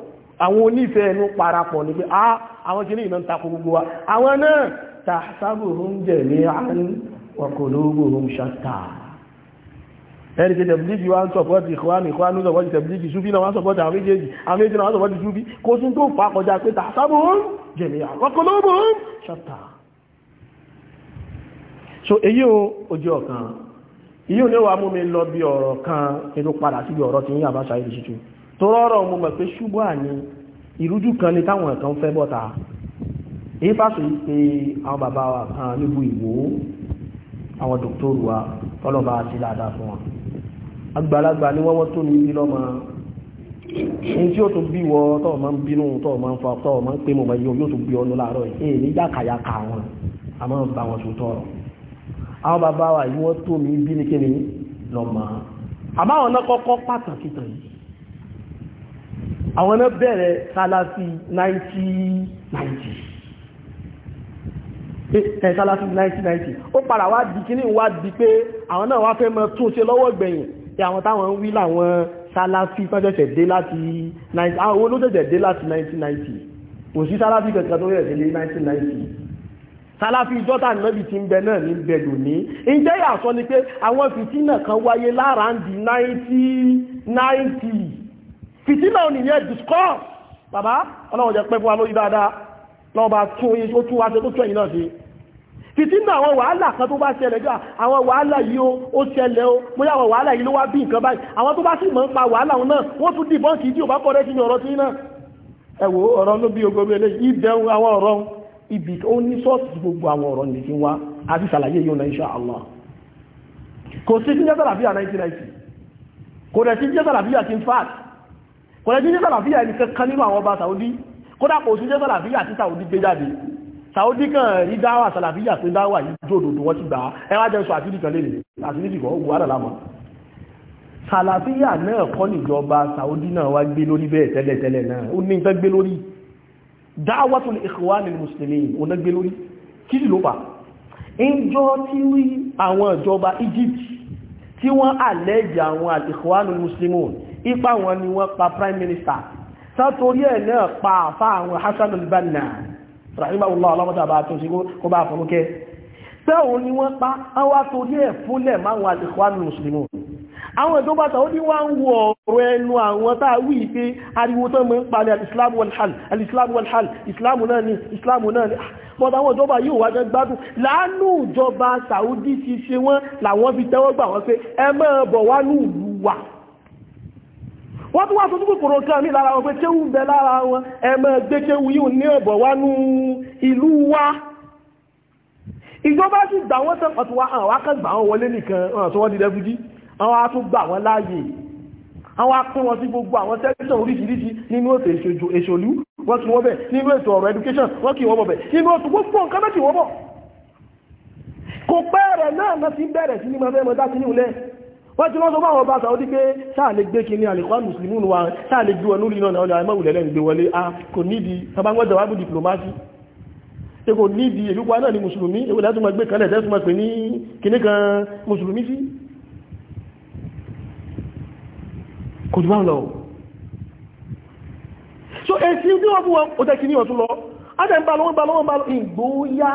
àwọn onífẹ́ ẹnu parapọ̀ ni pé ah àwọn kìíní ìná ń takò gbogbo wa àwọn náà tàṣàbùrún jẹ̀mí àrùn wa qulubuhum shatta ẹni tí tẹ̀bílígì wá ń sọ̀pọ̀tì ìkọ́wàní ìkọ́wàní sọ̀pọ̀tì tẹ̀bílígì ṣúfí náà wọ́n sọ̀pọ̀tì àwọn méjèèjì àwọn méjèèjì wọ́n sọ̀pọ̀tì ṣúfí kó sún tó fà kọjá pé tàṣàbùn jẹ̀mí so èyí ò ojú ọ̀kan èyí ò ní wà mú mi lọ bí ọ̀rọ̀ kan kí tó padà sí ọ̀rọ̀ tí yín àbáṣà ìlú ṣíṣú àwọn bàbá wa kan àgbàlagbà ni wọ́n wọ́n tó ní ibi lọ́mọ ní tí ó tún bí wọ tọ́ ma ń bínú tọ́ ma ń fa tọ́ ma ń pé mọ̀ mọ̀ yóò tún bí ọnu láàárọ̀ yìí ní yàkàyàkà wọn a máa ń bá wọn tún tọrọ àwọn bàbá wa yìí wọ́n tó mi bí ní kíni lọ́mọ àmọ́ àwọn náà kọ́kọ́ pàtàkì tàn yìí àwọn náà bẹ̀rẹ̀ sálásí 90 90 ẹ̀ẹ́sálásí 1990 ó padà wá di kíní wá di pé àwọn náà wá fẹ́ mọ́ tún ṣe lọ́wọ́ gbẹ̀yìn tí àwọn táwọn ń wí láwọn sáláfí tọ́jẹ̀ṣẹ̀ dé láti 1990 àwọn owó dé láti 1990 kò sí sáláfí kankan tó rẹ̀ sílé 1990 sáláfí jọ́tà nọ́bì ti ń bẹ náà ní bẹ̀lú ní ìjẹ́ ìyàsọ ni pé àwọn fìtínà kan wáyé lára ń di 1990 fìtínà ònìyàn discourse bàbá ọlọ́run jẹ́ pẹ́ fún wa lórí dáadáa lọ́wọ́ bá tún oyin tó tún wá ṣe títí náà àwọn wàhálà kan tó bá ṣẹlẹ̀ jọ àwọn wàhálà yìí ó ṣẹlẹ̀ o mo yá àwọn wàhálà yìí ló wá bí nǹkan báyìí àwọn tó bá sì mọ̀ ń pa wàhálà òun náà wọ́n tún dìbọn kì í tí ò bá kọ́rẹ́ sí ní ọ̀rọ̀ tí náà ẹ wo ọ̀rọ̀ ló bí ogogo eléyìí ìbẹ̀rù àwọn ọ̀rọ̀ ibi ó ní sọ́ọ̀sì gbogbo àwọn ọ̀rọ̀ ní wá àti ṣàlàyé yóò náà insha Allah kò sí sí jẹ́sàlà fíà 1990 kò rẹ̀ sí jẹ́sàlà fíà ti ń fàt kò rẹ̀ sí jẹ́sàlà fíà ẹni kankan nínú àwọn ọba Saudi kódà kò sí jẹ́sàlà fíà ti Saudi gbé jáde Saudi kan rí dáwà sàlàfíyà pé dáwà yìí jòdòdó wọ́n ti gbà ẹwà jẹ́ sọ àfíríkà lè rí àfíríkà ogun alàlámà sàlàfíyà náà kọ́ níjọba Saudi náà wá gbé lórí bẹ́ẹ̀ tẹ́lẹ̀tẹ́lẹ̀ náà ó ní ìfẹ́ gbé lórí dáwàtul ikhwanil muslimin ó ná gbé lórí kí sì ló fà ìjọ tí àwọn ipa wọn ni wọ́n prime minister sátorí ẹ̀ náà pa àfá àwọn rahimahullah alamata bá tún sí kó bá fún kẹ́ sẹ́wọ̀n ni wọ́n pa àwọn atorí ẹ̀ fúnlẹ̀ máwọn al-Ikhwan al-Muslimun àwọn ìjọba Saudi wá ń wọ ọ̀rọ̀ ẹnu àwọn tàà wí pé ariwo tán mọ́ ń palẹ̀ al-Islam wal-hal al-Islam wal-hal Islam náà ni Islam náà ni but àwọn ìjọba yóò wá jẹ́ gbádùn láàánú ìjọba Saudi ti ṣe wọ́n làwọn fi tẹ́wọ́ gbà wọ́n pé ẹ mọ́ bọ̀ wọ́n tún wá sọ túnkù kòrò kan ní lára wọn pé kéwù ń bẹ lára wọn ẹmọ gbé kéwù yìí ní ọ̀bọ̀ wá ní ìlú wa ìjọba sì gbà wọ́n tán ọ̀tún àwọn akẹ́gbà wọn wọlé nìkan ọ̀nà wọ́n di refugee àwọn a tún láàyè àwọn apín wọn sí gbogbo àwọn tẹ́lifíṣàn oríṣiríṣi nínú ètò ìṣòlú wọ́n kì wọ́n bẹ̀ nínú ètò ọ̀rọ̀ education wọ́n kì wọ́n bọ̀ bẹ̀ nínú ètò gbogbo nǹkan mẹ́kì wọ́n bọ̀ kò pẹ́ rẹ̀ náà lọ sí bẹ̀rẹ̀ sí ní mọ́fẹ́ mọ́dá sí ní ìwúlẹ̀ wọ́n ti wọ́n sọ fáwọn ọba sàwọ́dí pé sáà lè gbé kíní àlèkọ́ mùsùlùmí wa sáà lè gbé wọn lórí náà ọ̀nà àìmọ́wùlẹ̀ lẹ́nu gbé wọlé a kò nídi tabangbọ́dọ̀ wábù diplomasi pé kò nídi ìlúkọ náà ni mùsùlùmí èwò láti máa gbé kalẹ̀ tẹ́sí máa pè ní kíní kan so èsì tí wọ́n fún wọn ó tẹ́ kíní ọ̀tún lọ ádẹ́ ń bá lọ́wọ́ bá lọ́wọ́ bá ìgbóyá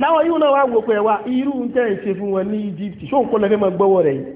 láwọn yíò náà wá wò pẹ̀wà irú ń tẹ́ ìṣe fún wọn ní Egypt ṣó lẹ́fẹ́ máa gbọ́wọ́ rẹ̀ yìí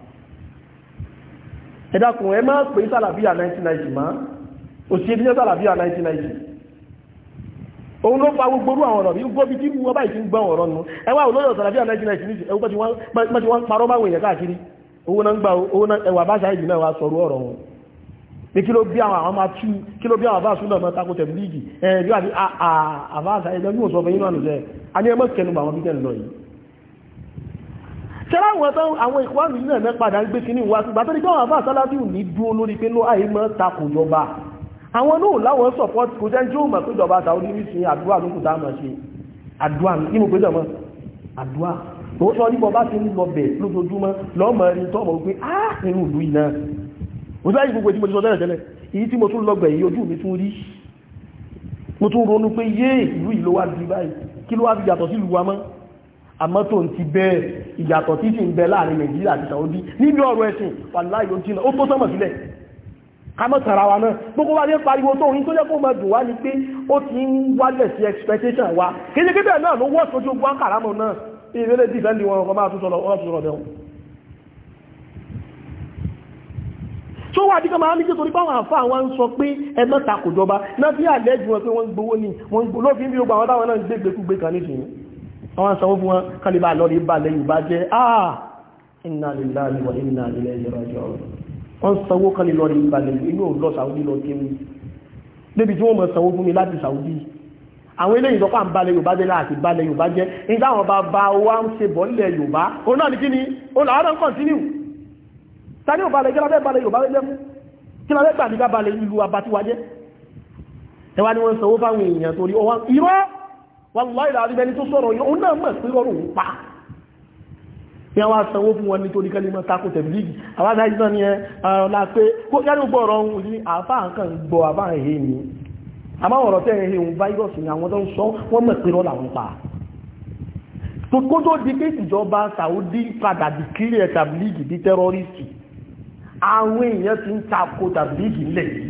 ẹ dákun ẹ má pè sàlàbíà 1990 má òṣèlú ní sàlàbíà 1990 òun ló fa gbogbo àwọn ọ̀rọ̀ bí gbóbi tí wọ́n báyìí ti ń gbọ́n ọ̀rọ̀ nù ẹwà olóyọ̀ sàlàbíà 1990 ẹwà tí wọ́n parọ́ máwò èèyàn káàkiri owó náà ń gba owó náà ẹwà bá ṣáìdì náà wá sọ̀rọ̀ ọ̀rọ̀ wọn pé kí ló bí àwọn àwọn máa tú kí ló bí àwọn àbáṣú náà máa tẹ́lá àwọn tán àwọn ìkọ́ àmì náà náà padà ń gbé kíní wá sí gbàtọ́ ní káwọn àbá sálásí ò ní dúró lórí pé ló àyè mọ́ takò jọba àwọn náà láwọn sọ̀pọ̀tì kò jẹ́ jó mọ̀ pé jọba sàúdí ní sin àdúrà ló kù tá a mọ̀ ṣe àdúrà ní mo pé jọmọ àdúrà tó sọ nípa bá ti ń lọ bẹ̀ lójoojúmọ́ lọ́mọ rí tọ́mọ pé á nínú ìlú iná mo sáyé gbogbo tí mo ti sọ tẹ́lẹ̀ tẹ́lẹ̀ èyí tí mo tún lọ gbẹ̀yìn ojú mi tún rí mo tún ronú pé yé àmọ́ tó ń ti bẹ́ẹ̀ ìyàtọ̀ tí sì ń bẹ láàrin nàìjíríà àti Saudi níbi ọ̀rọ̀ ẹ̀sìn wàláyé ojúnà ó tó sọ́mọ̀ sílẹ̀ kámọ́ tara wa náà gbogbo wa ní pariwo tó yín tó jẹ́ kó mọ̀ dùn wá ni pé ó ti ń wálẹ̀ sí expectation wa kéjekébẹ̀ bẹ́ẹ̀ náà ló wọ́ sójú ogun àkàràmọ̀ náà ìrẹ́lẹ̀ dìfẹ́ndì wọn ọkọ̀ máa tún sọ̀rọ̀ ọ̀rọ̀ sọ̀rọ̀ bẹ̀rún tó wà díkọ̀ máa ní kí torí báwọn àfáà wọn ń sọ pé ẹgbẹ́ta kò jọba náà bí àlẹ́jù wọn pé wọ́n gbowó ní wọ́n lófin bí ó gbà wọn táwọn náà ń gbégbé kúgbé kan nísìnyí àwọn sanwó fún wọn kálíbà lọ́rí balẹ̀ yorùbá jẹ́ àà iná lílá ìwà iná lílẹ̀ ìrọ̀jọ́ Saudi lọ kéwì débi tí wọ́n mọ̀ sanwó Saudi àwọn ilé ìdọ́pà ń balẹ̀ yorùbá jẹ́ láti balẹ̀ yorùbá jẹ́ nígbà àwọn bàbá wa ń tani òun balẹ̀ kí lábẹ́ balẹ̀ yorùbá jẹ́ mú kí lábẹ́ gbàdúgbà balẹ̀ ìlú abatiwajẹ́ ẹwà ni wọ́n sanwó fáwọn èèyàn torí ọwọ́ irọ́ wàláì láàrínbẹni tó sọ̀rọ̀ yóò náà mọ̀ pé rọrùn ún pa ní àwọn asanwó fún wọn nítorí kẹ́lẹ̀ mọ́ tako tẹ̀bílìgì àwọn adájútọ́ ni ọ̀la pé kó yẹ́nu gbọ́ ọ̀rọ̀ ohun ní àfáà kan gbọ́ àbáà èyí ni àmọ́ ọ̀rọ̀ tẹ́ ẹ̀hẹ́ ohun fáírọ̀sì ni àwọn tó ń sọ wọ́n mọ̀ pé rọ́là ń pa kó tó di pé ìjọba Saudi padà di kílẹ̀ tẹ̀bílìgì di tẹ́rọ́rìsì àwọn èèyàn ti ń tako tẹ̀bílìgì lẹ̀ yìí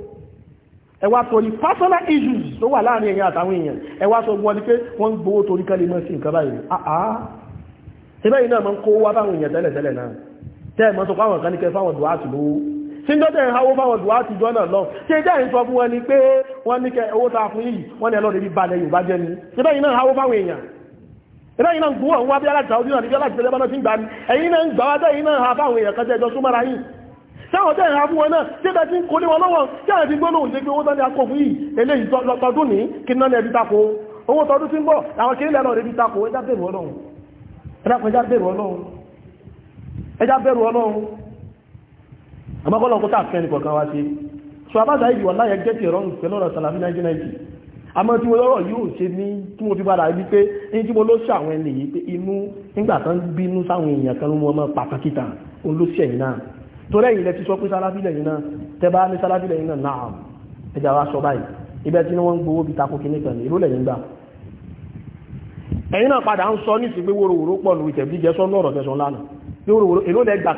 ẹ wá torí personal issues tó wà láàrin èyàn àtàwọn èèyàn ẹ wá sọ wọ́n ní pé wọ́n ń gbowó torí kẹ́lẹ̀ mọ́ sí nǹkan báyìí àá ah, síbẹ̀ ah. yìí náà mọ́ ń kó wá báwọn èèyàn tẹ́lẹ̀tẹ́lẹ̀ náà tẹ́ ẹ̀ mọ́ sọ fáwọn kan ní kẹ́ fáwọn dùwátì lówó tí ń dọ́tẹ̀ ìhàwó fáwọn dùwátì jọ lọ ṣe jẹ́ ìsọ fún wọn ni pé wọ́n ní kẹ owó ta fún yìí wọ́n ní ẹlọ́rẹ̀ bí balẹ̀ Yorùbá jẹ́ ni síbẹ̀ yìí náà ìhàwó fáwọn èèyàn ìbẹ́ yìí náà gbówó wá bí alájà ojú náà ní bí alájà tẹ́lẹ̀ náà ti ń gbà ní ẹ̀yìn náà ń gbà wá tẹ́yìn náà ha fáwọn èèyàn kan jẹ́ ìjọ súnmọ́ra yìí sáwọn tẹ́ ìhà fún wọn náà tí ẹ̀dá tí ń kò ní wọn lọ́wọ́ tí àti gbónà òun jẹ́ pé owó tọ́lẹ̀ akọ̀ fún yìí eléyìí lọ́tọọdún ní kí náà ẹbí tako owó tọdún tí ń bọ̀ àwọn kiri lẹ́nà ẹbí tako ẹjá bẹ̀rù Ọlọ́run ẹjá bẹ̀rù Ọlọ́run àmọ́kọ́lọ́kọ́ tàà fẹ́ nìkọ̀ọ̀kan wá sí so abáta ìdí wà láyẹ jẹ́ ti ẹ̀rọ ìfẹ́ lọ́rọ̀ sàlàmí 1990 àmọ́ tí mo lọ́rọ̀ yóò ṣe ní tí mo fi padà rí pé ní tí mo ló ṣe àwọn ẹni yìí pé inú nígbà tán bínú sáwọn èèyàn kan ló mọ́ pàtàkì tàn òun ló ṣẹ̀yìn náà torí ẹ̀yìn lẹ ti sọ pé sálábílẹ̀ yìí náà tẹ ní sálábílẹ̀ yìí náà náà ẹjà wa sọ báyìí ibẹ̀ tí wọ́n ń gbowó bí takò kìíní kan ìlú lẹ́yìn gbà ẹ̀yìn náà padà ń sọ nísì pé wòròwòrò pọ̀ lórí tẹ̀bí jẹ́ sọ́nà tẹ̀sán lánàá wòròwòrò èló lẹ pé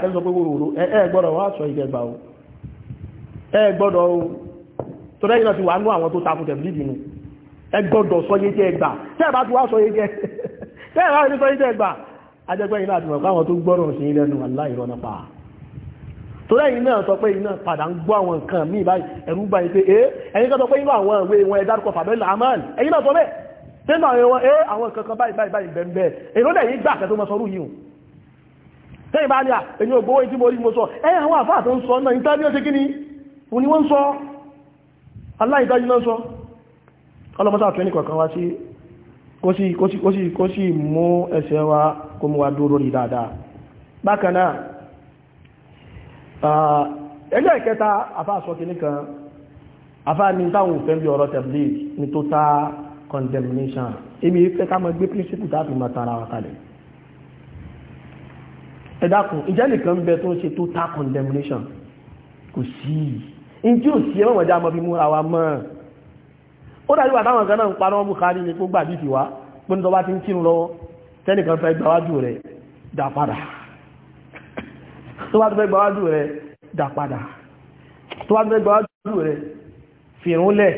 sọ o o ti torí ẹ̀yin náà sọ pé iná padà ń gbọ́ àwọn nǹkan míì báyìí ẹ̀rú báyìí pé é ẹ̀yin kan sọ pé inú àwọn ìwé wọn ẹ dárúkọ fàbẹ́lá amáàl ẹ̀yin náà sọ bẹ́ẹ̀ tẹ́lú àwọn ẹ̀wọ̀n é àwọn kankan báyìí báyìí báyìí bẹ̀m̀bẹ̀ èrò lẹ́yìn gbà kẹ́ tó mọ sọrú yìí tẹ́yìn bá ní à èyí ògbówó ìdí ni wọ́n ń sọ aláìdájú náà ń sọ ọlọ́mọsá àtúnyẹ́nì kọ̀ọ̀kan wá sí kó sì mú ẹsẹ̀ wa kó Ah, ẹjọ́ ìkẹta afá sọ́kì nìkan afá ní táwọn òfin bí ọ̀rọ̀ tẹ̀blé ní total condemnation èmi fẹ́ ká mọ́ gbé príncipù táàfin mọ́ tara wa kalẹ̀ ẹ ìjẹ́ nìkan bẹ tó ń ṣe total condemnation kò sí ìjí ò sí ẹmọ́ ìjà mọ́ fi múra wa mọ́ ó dájú àtàwọn kan náà ń parọ́ Bukhari ní gbogbo àdìsí wa pé ní tọ́ bá ti ń kírun lọ́wọ́ tẹ́nìkan fẹ́ gbáwájú rẹ̀ dá padà tó bá fẹ́ gbáwájú rẹ̀ dá padà tó bá fẹ́ gbáwájú rẹ̀ fìrúnlẹ̀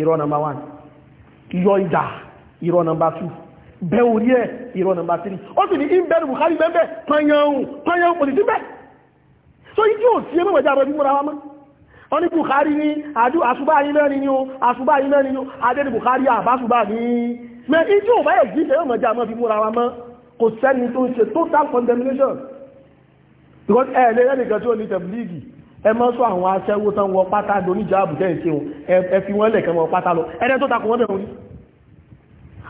irọ́ nọmbà 1 yọ ìdà irọ́ nọmbà 2 bẹ́ orí ẹ̀ irọ́ nọmbà 3 ó sì ní ìbẹ̀rù Buhari bẹ́ẹ̀ pányánhùn pányánhùn kò sì síbẹ̀ so ìdí ò sí ẹgbẹ̀gbẹ̀já rẹ̀ bí múra wa mọ́ wọ́n ní Buhari ní àdú àṣùbá yìí lẹ́rin ni ó àṣùbá yìí lẹ́rin ni ó adẹ́ni Buhari àbáṣùbá ní mẹ́ ìdí ò báyẹ̀ jí ẹgbẹ̀gbẹ̀já mọ́ fi múra wa mọ́ kò sẹ́ni tó ń ṣe total condemnation because ẹ eh, lè rẹ́ nìkan tí ó ní tẹ̀bílíìgì ẹ mọ́ sọ àwọn aṣẹ́wó tán wọ pátá doníjà àbùtẹ́ ìṣe wọn ẹ fi wọ́n lẹ̀kẹ́ wọ pátá lọ ẹ̀rẹ́ tó takò wọ́n bẹ̀rù ní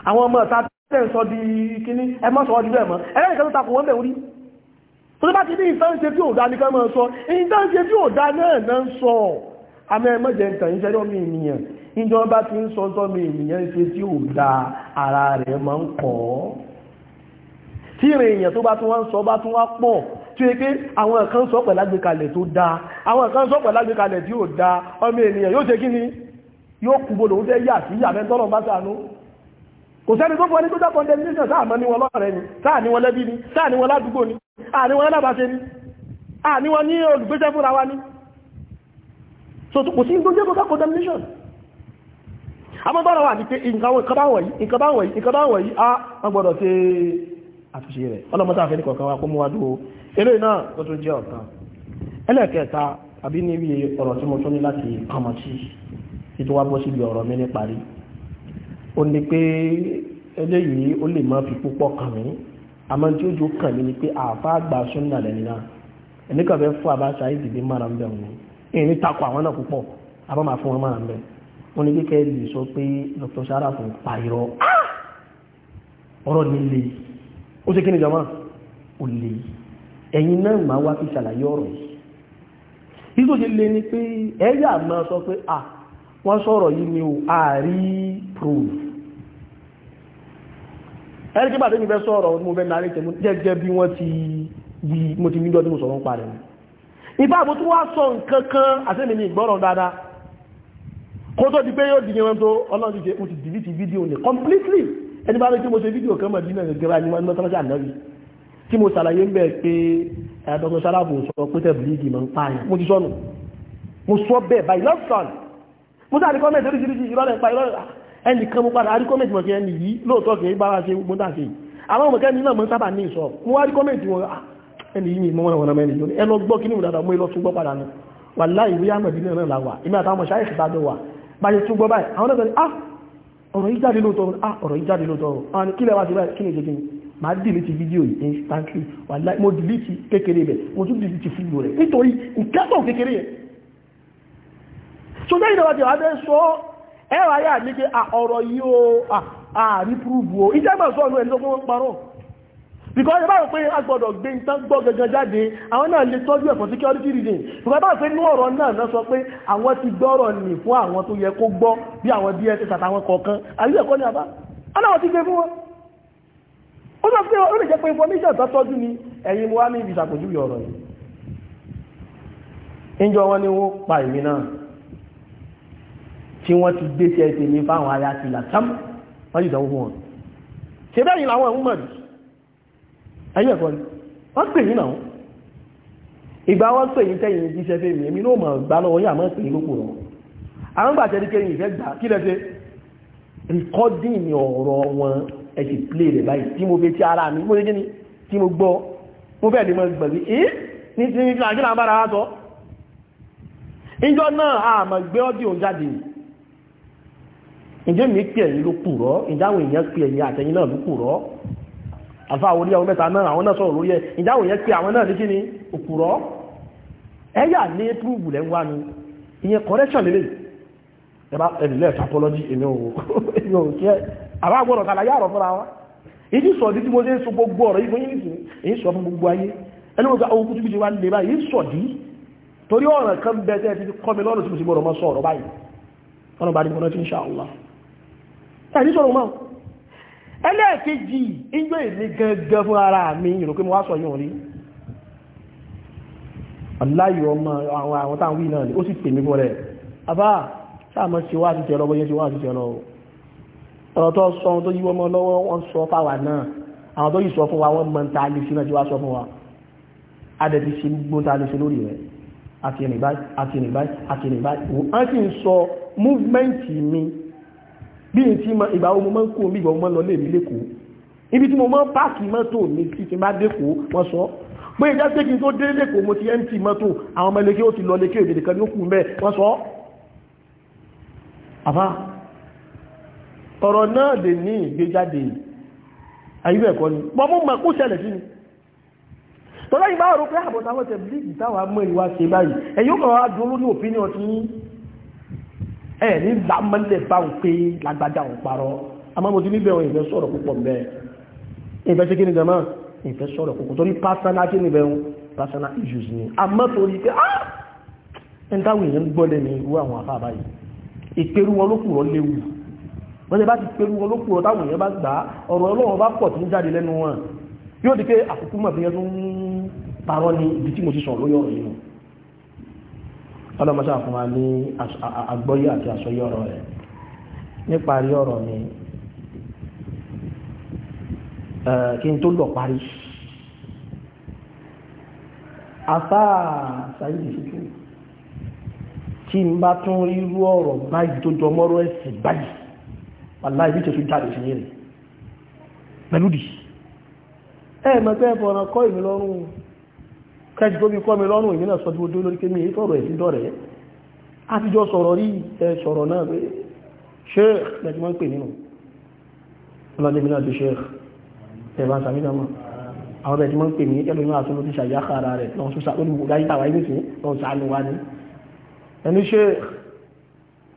àwọn ọmọ ọ̀tá tẹ̀ ń sọ di kíní ẹ mọ́ sọ ọ́ di bẹ́ẹ̀ mọ́ ẹ̀rẹ́ nìkan tó takò wọ́n bẹ̀rù ní tó bá ti ní ìfẹ́ǹṣe tí ò dá ní kẹ́mọ́ sọ ìfẹ́ǹṣe tí ò dá náà náà ń sọ àmọ́ ẹ mọ́jẹ nǹkan iṣẹ́ lọ́mọ ènìyàn ìjọba ti ń sọ sọ́mọ ènìyàn ṣe tí ò dá ara rẹ̀ máa ń kọ́ tí ìrìn èèyàn tó bá tún wá ń sọ bá tún wá pọ̀ tí ó pé àwọn kan sọ pẹ̀lágbékalẹ̀ tó dáa àwọn kan sọ pẹ̀lágbékalẹ̀ tí ó dáa ọmọ ènìyàn yóò ṣe kí ni yóò kú bó lòun fẹ́ yà sí ìyàmẹ́ tọ́lọ̀ bá sànú kò sẹ́ni tó fọ́ ní tó dá condemnation sáà mọ́ ní wọn lọ́rẹ̀ ni sáà ní wọn lẹ́bí ni sáà ní wọn ládùúgbò ni àní wọn alábàáṣe ni àní wọn ní olùgbéṣẹ́ fúnra wa ni so kò sí tó jẹ́ kó dá condemnation àmọ́ bára wà ní pé nǹkan báwọ̀ yìí nǹkan báwọ̀ yìí nǹkan báwọ̀ yìí á wọ́n gbọ́dọ̀ ṣe àtúnṣe rẹ̀ ọlọ́mọta àfẹ́ nìkọ̀ọ̀kan wa kó mú wa dúró eré náà ó tún jẹ́ ọ̀kan ẹlẹ́ẹ̀kẹta àbí níbi ọ̀rọ̀ tí mo tún ní láti kọmọ sí tí tó wá bọ́ síbi ọ̀rọ̀ mi ní parí ó ní pé eléyìí ó lè má fi púpọ̀ kàn mí àmọ́ tí ó jó kàn mí ni pé àfa àgbà súnà lẹ́ni náà ẹni kan fẹ́ fún àbá ṣáà ìdìbí mára ń bẹ̀ wọn èyí ní takò àwọn náà púpọ̀ àbá máa fún wọn mára ń bẹ̀ wọn ní kékeré lè sọ pé Dr. Sharaf ń pa irọ́ ah! nílé ó ṣe kí ni jọmọ́ ò lè ẹ̀yin náà máa wá fi ṣàlàyé ọ̀rọ̀ yìí yìí tó ṣe lè ní pé ẹ̀yà máa sọ pé à wọ́n sọ̀rọ̀ yìí ni ò àárí proof ẹ̀rí kí bàtẹ́ mi fẹ́ sọ̀rọ̀ mo fẹ́ narí tẹ̀mú jẹ́jẹ́ bí wọ́n ti wí mo ti níjọ́ tí tó di pé yóò dìyẹn tó ọlọ́run ti ti dìlítì fídíò ní completely ẹni bá rí tí mo ṣe fídíò kan mọ̀dínà gẹ́gẹ́rá ní wọ́n tọ́lá ànábì tí mo ṣàlàyé ń bẹ̀ pé ẹ̀dọ́gbọ̀n sáláàbù sọ pé tẹ̀bìlìgì mọ̀ ń pààyàn mo ti sọnù mo sọ bẹ́ẹ̀ báyìí lọ́sàn mo sáré kọ́mẹ̀tì oríṣiríṣi ìrọ̀lẹ́ pa ìrọ̀lẹ́ ẹnì kan mo padà rí kọ́mẹ̀tì mọ̀ sí ẹni yìí lóòótọ́ kì í bára ṣe mo dà sí i àwọn ọmọ kẹ́ni náà mo ń sábà ní ìsọ mo wá rí kọ́mẹ̀tì wọn ah, ẹni yìí mo wọn mẹ́ni ọ̀rọ̀ yìí jáde lóòótọ́ ah ọ̀rọ̀ yìí jáde lóòótọ́ ọ̀rọ̀ kí lẹ́wà sí báyìí kí ni ìjẹ́ gini ma delete fídíò yìí instantly wallahi mo delete kékeré bẹ̀ mo tún delete fídíò rẹ̀ nítorí ìkẹ́sọ̀ kékeré yẹn so lẹ́yìn náà wájú abẹ́ sọ ẹ̀rọ ayé àdínkè ọ̀rọ̀ yìí ó àrí púrúbù ó ìjẹ́gbà sọ́ọ̀nù ẹ̀ because ẹ bá rò pé a gbọ́dọ̀ gbé ìtàn gbọ́ gẹ́gẹ́ jáde àwọn náà lè tọ́jú ẹ̀fọ́ security reason because bá pé ní ọ̀rọ̀ náà náà sọ pé àwọn ti gbọ́rọ̀ nì fún àwọn tó yẹ kó gbọ́ bí àwọn dss àtàwọn kọ̀ọ̀kan àyíkẹ́ ẹ̀kọ́ ní àbá aláwọ̀ ti gbé fún wọn ó sọ pé information tó tọ́jú ni ẹ̀yin mo wá ní ìbìsàpòjúwe ọ̀rọ̀ yìí ìjọ wọn ni wọ́n pa èmi náà tí wọ́n ti gbé sí ẹ̀sìn mi fáwọn ayatollah sam wọ́n yìí ayé ẹ̀kọ́ ni wọ́n pè yín náà ìgbà wọ́n pè yín tẹ́yìn ní iṣẹ́ fèmí èmi náà mọ̀ gbá lọ́wọ́ yà máa pè yín lókù rọ̀ àwọn gbà tẹ́lí kẹ́yìn ìfẹ́ gbà kí lẹ́sẹ̀ rìkọ́dìn ní ọ̀rọ̀ wọn ẹ sì plé rẹ̀ báyìí tí mo fẹ́ ti ara mi mo ṣe kíni tí mo gbọ́ mo fẹ́ ní mo gbàgbé ẹ́ ní ti ní kí làwọn bára wá sọ ìjọ náà àmọ̀ gbé ọdí òun jáde ìjẹ́ mi pè ẹ̀yìn ló kù rọ́ ìjáwọ̀ èèyàn pè àfa àwọn orí àwọn mẹ́ta náà àwọn náà sọ̀rọ̀ lórí ẹ̀ ìjáwò yẹn pé àwọn náà ní kí ni òkúrọ́ ẹ̀yà ní púrùbù lẹ́ ń wá ni ìyẹn correction lélẹ̀ ẹ̀bá ẹ̀dìlẹ̀ apology èmi ò èmi ò kí ẹ̀ àbá gbọ́dọ̀ kàlà yà rọ̀ fúnra wa ìdí sọ di tí mo ṣe ń sọ gbogbo ọ̀rọ̀ yìí fún yìí èyí sọ fún gbogbo ayé ẹni mo sọ àwọn kútu bíi wa lè báyìí èyí sọ di torí ọ̀rọ̀ kan bẹ tẹ́ fi kọ́ mi lọ́rùn tí mo sì gbọ́dọ̀ mọ́ sọ ọ̀rọ̀ báyìí ọ̀rọ̀ bá ní mo rántí insha Allah ẹ̀yìn sọ̀rọ̀ mọ́ ẹlẹ́ẹ̀kejì ìjọ èmi gangan fún ara mi ìròkè mo wá sọ yóò rí aláyọ̀ ọmọ àwọn àwọn táwọn wí náà ni ó sì pè mí fún rẹ̀ àbá sáàmọ́ ṣe wá àtúnṣe ọlọ́wọ́ yẹn ṣe wá àtúnṣe ọlọ́wọ́ ọ̀rọ̀ tó sọ ohun tó yíwọ́ mọ́ lọ́wọ́ wọ́n sọ fáwà náà àwọn tó yìí sọ fún wa wọ́n mọ ta lè ṣe náà ti wá sọ fún wa adẹ̀tí ṣe gbogbo ta lè ṣe lórí rẹ̀ àti ẹ̀nì báyìí bí n ti mọ ìgbà ọmọ máa ń kó mi ìgbà ọmọ máa ń lọ lé mi lẹ́kọ̀ọ́ ibi tí mo máa ń páàkì mọ́tò mi tí ti máa dẹ́kọ̀ọ́ wọ́n sọ pé ìjà pé kí n tó dé lẹ́kọ̀ọ́ mo ti mt mọ́tò àwọn ọmọ ẹlẹ́kẹ́ ó ti lọ lẹ́kẹ́ òdèdè kan ní òkú mẹ́ wọ́n sọ. àbá ọ̀rọ̀ náà lè ní ìgbéjáde ayúbẹ̀ ẹ̀kọ́ ni bọ́ mo mọ̀ kó ṣẹlẹ̀ sí ni tọ́lá ìbá rò pé àbọ̀tàwọ̀ tẹ̀ ẹ ní lámọ́lẹ̀ bá ń pé lágbájá ò parọ́ àmọ́ mo ti níbẹ̀ wọn ìfẹ́ sọ̀rọ̀ púpọ̀ bẹ́ẹ̀ ìfẹ́ sí kí ni jẹ́mọ́ ìfẹ́ sọ̀rọ̀ púpọ̀ torí personal kí ni bẹ́ẹ̀ wọn personal issues ni àmọ́ torí pé ah ẹni táwọn èèyàn gbọ́lẹ̀ ní irú àwọn afá báyìí ìpẹrú wọn ló kùrọ̀ léwu wọ́n ti bá ti pẹrú wọn ló kùrọ̀ táwọn èèyàn bá gbà ọ̀rọ̀ ọlọ́run bá pọ̀ tí ń jáde lẹ́nu wọn yóò di pé àkókò mọ̀ fi yẹn tún parọ́ ní ibi tí mo ti sọ̀rọ̀ lórí ọ̀rọ̀ yìí ọlọ́mọṣà fún wa ní àgbọ́yé àti àsọyé ọ̀rọ̀ rẹ̀ níparí ọ̀rọ̀ ni eh, kí n tó lọ parí afá sáyidì síkú tí n bá tún irú ọ̀rọ̀ báyìí tó jọ mọ́rọ̀ ẹ̀sìn báyìí wàláhì bí tẹ̀sùn jáde sí rẹ̀ pẹ̀lú ẹ̀ mọ̀ pé kọ́ ìmìlọ́rùn kẹ́jì tó bí kọ́ mi lọ́rùn ìmìnà sọ dúró lórí kí mi èyí tọ̀rọ̀ ẹ̀sìn dọ̀rẹ̀ àtijọ́ sọ̀rọ̀ rí ẹ sọ̀rọ̀ náà pé sheikh lẹ́tí wọ́n ń pè nínú ọlọ́dẹ́mìnà ti sheikh ẹ̀bá sàmínàmà àwọn ẹ̀tí wọ́n ń pè ní ẹlòmí àtúntò ti ṣàyákàrà rẹ̀ lọ́n sọ́sà olùwòdáyí tàwa ilé sí lọ́n sàánú wa ní ẹni sheikh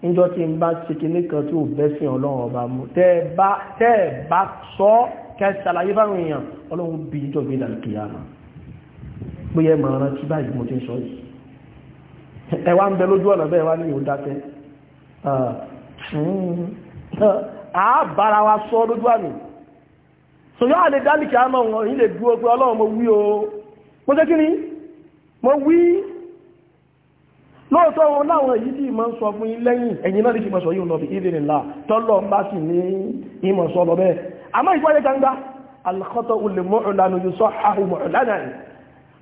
níjọ́ tí ń bá ṣe kíní kan tí ò bẹ́sìn ọlọ́run ọba mú tẹ́ ẹ bá sọ kẹ́ ṣàlàyé fáwọn èèyàn ọlọ́run bí ìjọba ìdàlùkìyàmà bóyá ẹmọ ọ̀rán tí báyìí mo ti ń sọ yìí ẹ wá ń bẹ lójú ọ̀nà bẹ́ẹ̀ wá ní ìhò dákẹ́ àbára hmm, wa sọ lójú àmì so yóò àlè dálìkì àmọ́ wọn yìí lè dúró pé ọlọ́run mo wí o mo ṣe kí ni mo wí lóòótọ́ wọn láwọn èyí tí ìmọ̀ ń sọ fún yín lẹ́yìn ẹ̀yìn náà lè fi mọ̀ sọ yìí lọ fi ìdí nìlá tọ́lọ̀ ń bá sì ní ìmọ̀ lọ bẹ́ẹ̀ àmọ́ ìwáyé gbangba alkhọ́tọ̀ olè mọ́ọ̀lánà yóò sọ àhùmọ̀ọ̀lánà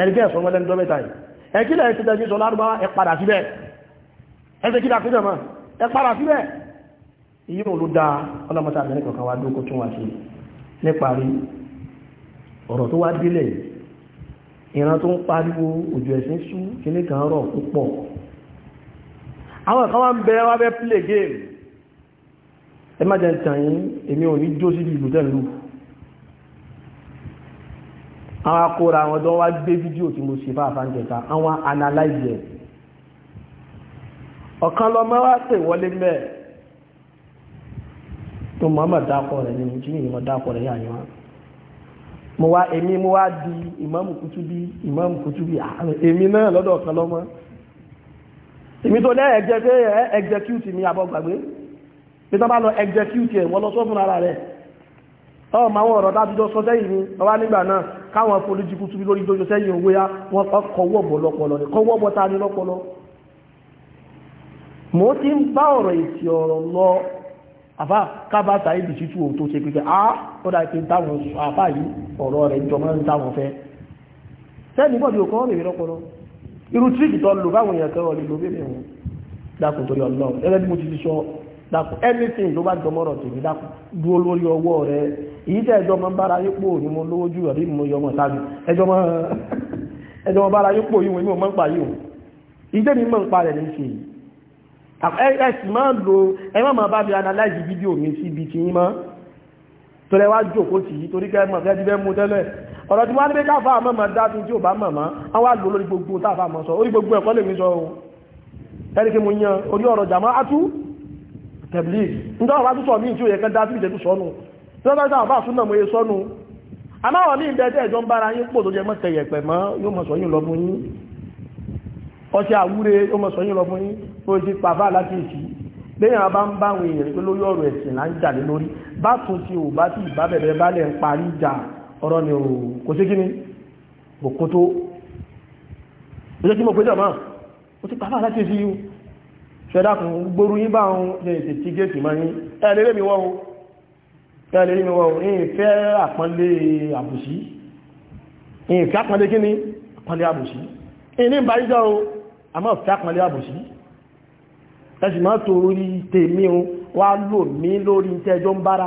ẹ̀rìkẹ́ ẹ̀sọ́ wọlé ńdọ́ mẹ́ta yìí ẹ̀kílẹ̀ ẹ̀ ti tẹ́jú sọ lárúbá ẹ padà síbẹ̀ ẹ̀sẹ̀ kílẹ̀ àkójọ mọ́ ẹ padà síbẹ̀ iye òun ló dá ọlọ́mọta àbẹ̀rẹ̀ kọ̀ọ̀kan wá dókó tún wá sí níparí ọ̀rọ̀ tó wá délẹ̀ ìran tó ń àwọn kan wá ń bẹ wá play game ẹ má jẹ́ ń tàn èmi ò ní jó síbi ìlú tẹ́lú àwọn akóra àwọn tó wá gbé fídíò tí mo ṣe fáfá ń jẹta àwọn analyze ẹ̀ ọ̀kan lọ́mọ wá pè wọlé mẹ́ tó mọ́mọ̀ dákọ̀ rẹ̀ nínú tí ìyẹn mọ́ dákọ̀ rẹ̀ yàyàn mo wá èmi mo wá di ìmáàmù kútúbí ìmáàmù kútúbí èmi náà lọ́dọ̀ ọ̀kan lọ́mọ èmi tó lẹ́ ẹ̀jẹ̀ pé execute mi àbọ̀gbàgbé pé tó bá lọ execute ẹ̀ wọ́n lọ sọ́fún ara rẹ̀ ọmọ àwọn ọ̀rọ̀ dájújọ sọ sẹ́yìn ni ọwá nígbà náà káwọn foríjì kú túbí lórí dójọ sẹ́yìn òwe ya wọn kọwọ́bọ̀ lọ́pọlọ ni kọwọ́bọ̀ ta ni lọ́pọlọ mo ti ń bá ọ̀rọ̀ ìtì ọ̀rọ̀ lọ àfá kábà sáyédì títú ohun tó ṣe pípẹ́ á ó dá ìpín táwọn àfá yìí ọ̀rọ̀ rẹ̀ jọ máa ń táwọn fẹ́ dàpọ̀ anything ló bá jọmọ́rọ̀ tèmi dàpọ̀ dúró lórí ọwọ́ rẹ èyí tẹ́ ẹjọ́ mọ́ bára yípo ní mo lówó jù àbí mo yọmọ sáájú ẹjọ́ mọ́ bára yípo yìí wọn ni mo mọ́ ń pa yìí o ìdé mi mọ́ ń pa rẹ̀ ní ṣe yìí ẹ sì máa lo ẹ má máa bá mi analyze fídíò mi síbi tí yín mọ́ torí wá jòkó tì í torí kẹ́ mọ̀ fẹ́ ti fẹ́ mú tẹ́lẹ̀ ọ̀rọ̀ tí wọ́n á ní pé káfà àmọ́ máa dá tún tí ò bá mọ̀ mọ́ àwọn àlò lórí gbogbo táfà mọ́ sọ orí gbogbo ẹ̀kọ́ lèmi sọ ohun ẹni kí mo yan orí ọ̀rọ̀ jàmọ́ á tú tẹ̀blíìgì nítorí wá tútọ̀ míì tí ó yẹ kẹ́ dá sí ìjẹ́tù sọ́nù tí ó bá sáà bá súnà mọ́ iye sọ́nù amáwọ̀ míì bẹ́ẹ̀ tẹ́ ẹ̀jọ́ ń bára yín pò tó jẹ mọ́ tẹ̀yẹ̀pẹ̀ mọ́ yóò mọ̀ sọ́yìn lọ fún yín ọtí àwúre yóò mọ̀ sọ́yìn lọ fún yín ó ti pàfà láti ìsì lẹ́yìn àbá ń bá àwọn èèyàn pé lórí ọ̀rọ̀ ẹ̀sìn là ń jà lé lórí bá tún ti ò bá tí ìbá bẹ̀rẹ̀ bá lẹ̀ ń parí ìjà ọ̀rọ̀ ni ò kò sí kíni kò kó tó ó jẹ́ kí mo pé jọ̀mọ́ ó ti pàfà láti ìsì yìí ṣẹ́dá kan gbórú yí bá ń lè tètè géètì máa yí ẹ̀lẹ́rẹ́ mi wọ́n ẹ̀lẹ́rẹ́ mi wọ́n ní ìfẹ́ àpọ́nlé àbùsí ìfẹ́ àpọ́nlé kí ni àpọ́nlé àbùsí ní ìbáyíjọ́ o àmọ́ ìfẹ́ àpọ́nlé àbùsí ẹ̀sì máa torí tèmi o wá lò mí lórí ìtẹ́jọ́ ń bára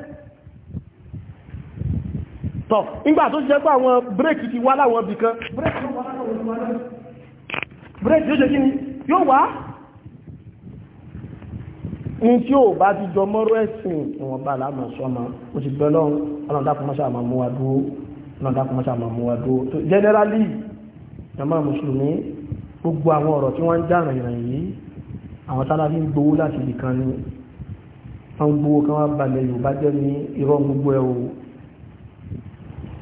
tọ́ nígbà tó jẹ́ pé àwọn bírèkì ti wá láwọn ibì kan bírèkì yóò ṣe kí ni yóò wá ní tí ó bá ti jọ mọ́rọ̀ ẹ̀sìn ìwọ̀nba láàmà sọ́mà ó ti bẹ́ lọ́run ọlọ́dàkùnmọ́sà máa mú wa dúró ọlọ́dàkùnmọ́sà máa mú wa dúró generally jama mùsùlùmí gbogbo àwọn ọ̀rọ̀ tí wọ́n ń dáràn ìràn yìí àwọn tálàbí ń gbowó láti ibì kan ni wọ́n gbowó kan wá balẹ̀ Yorùbá jẹ́ ní irọ́ gbogbo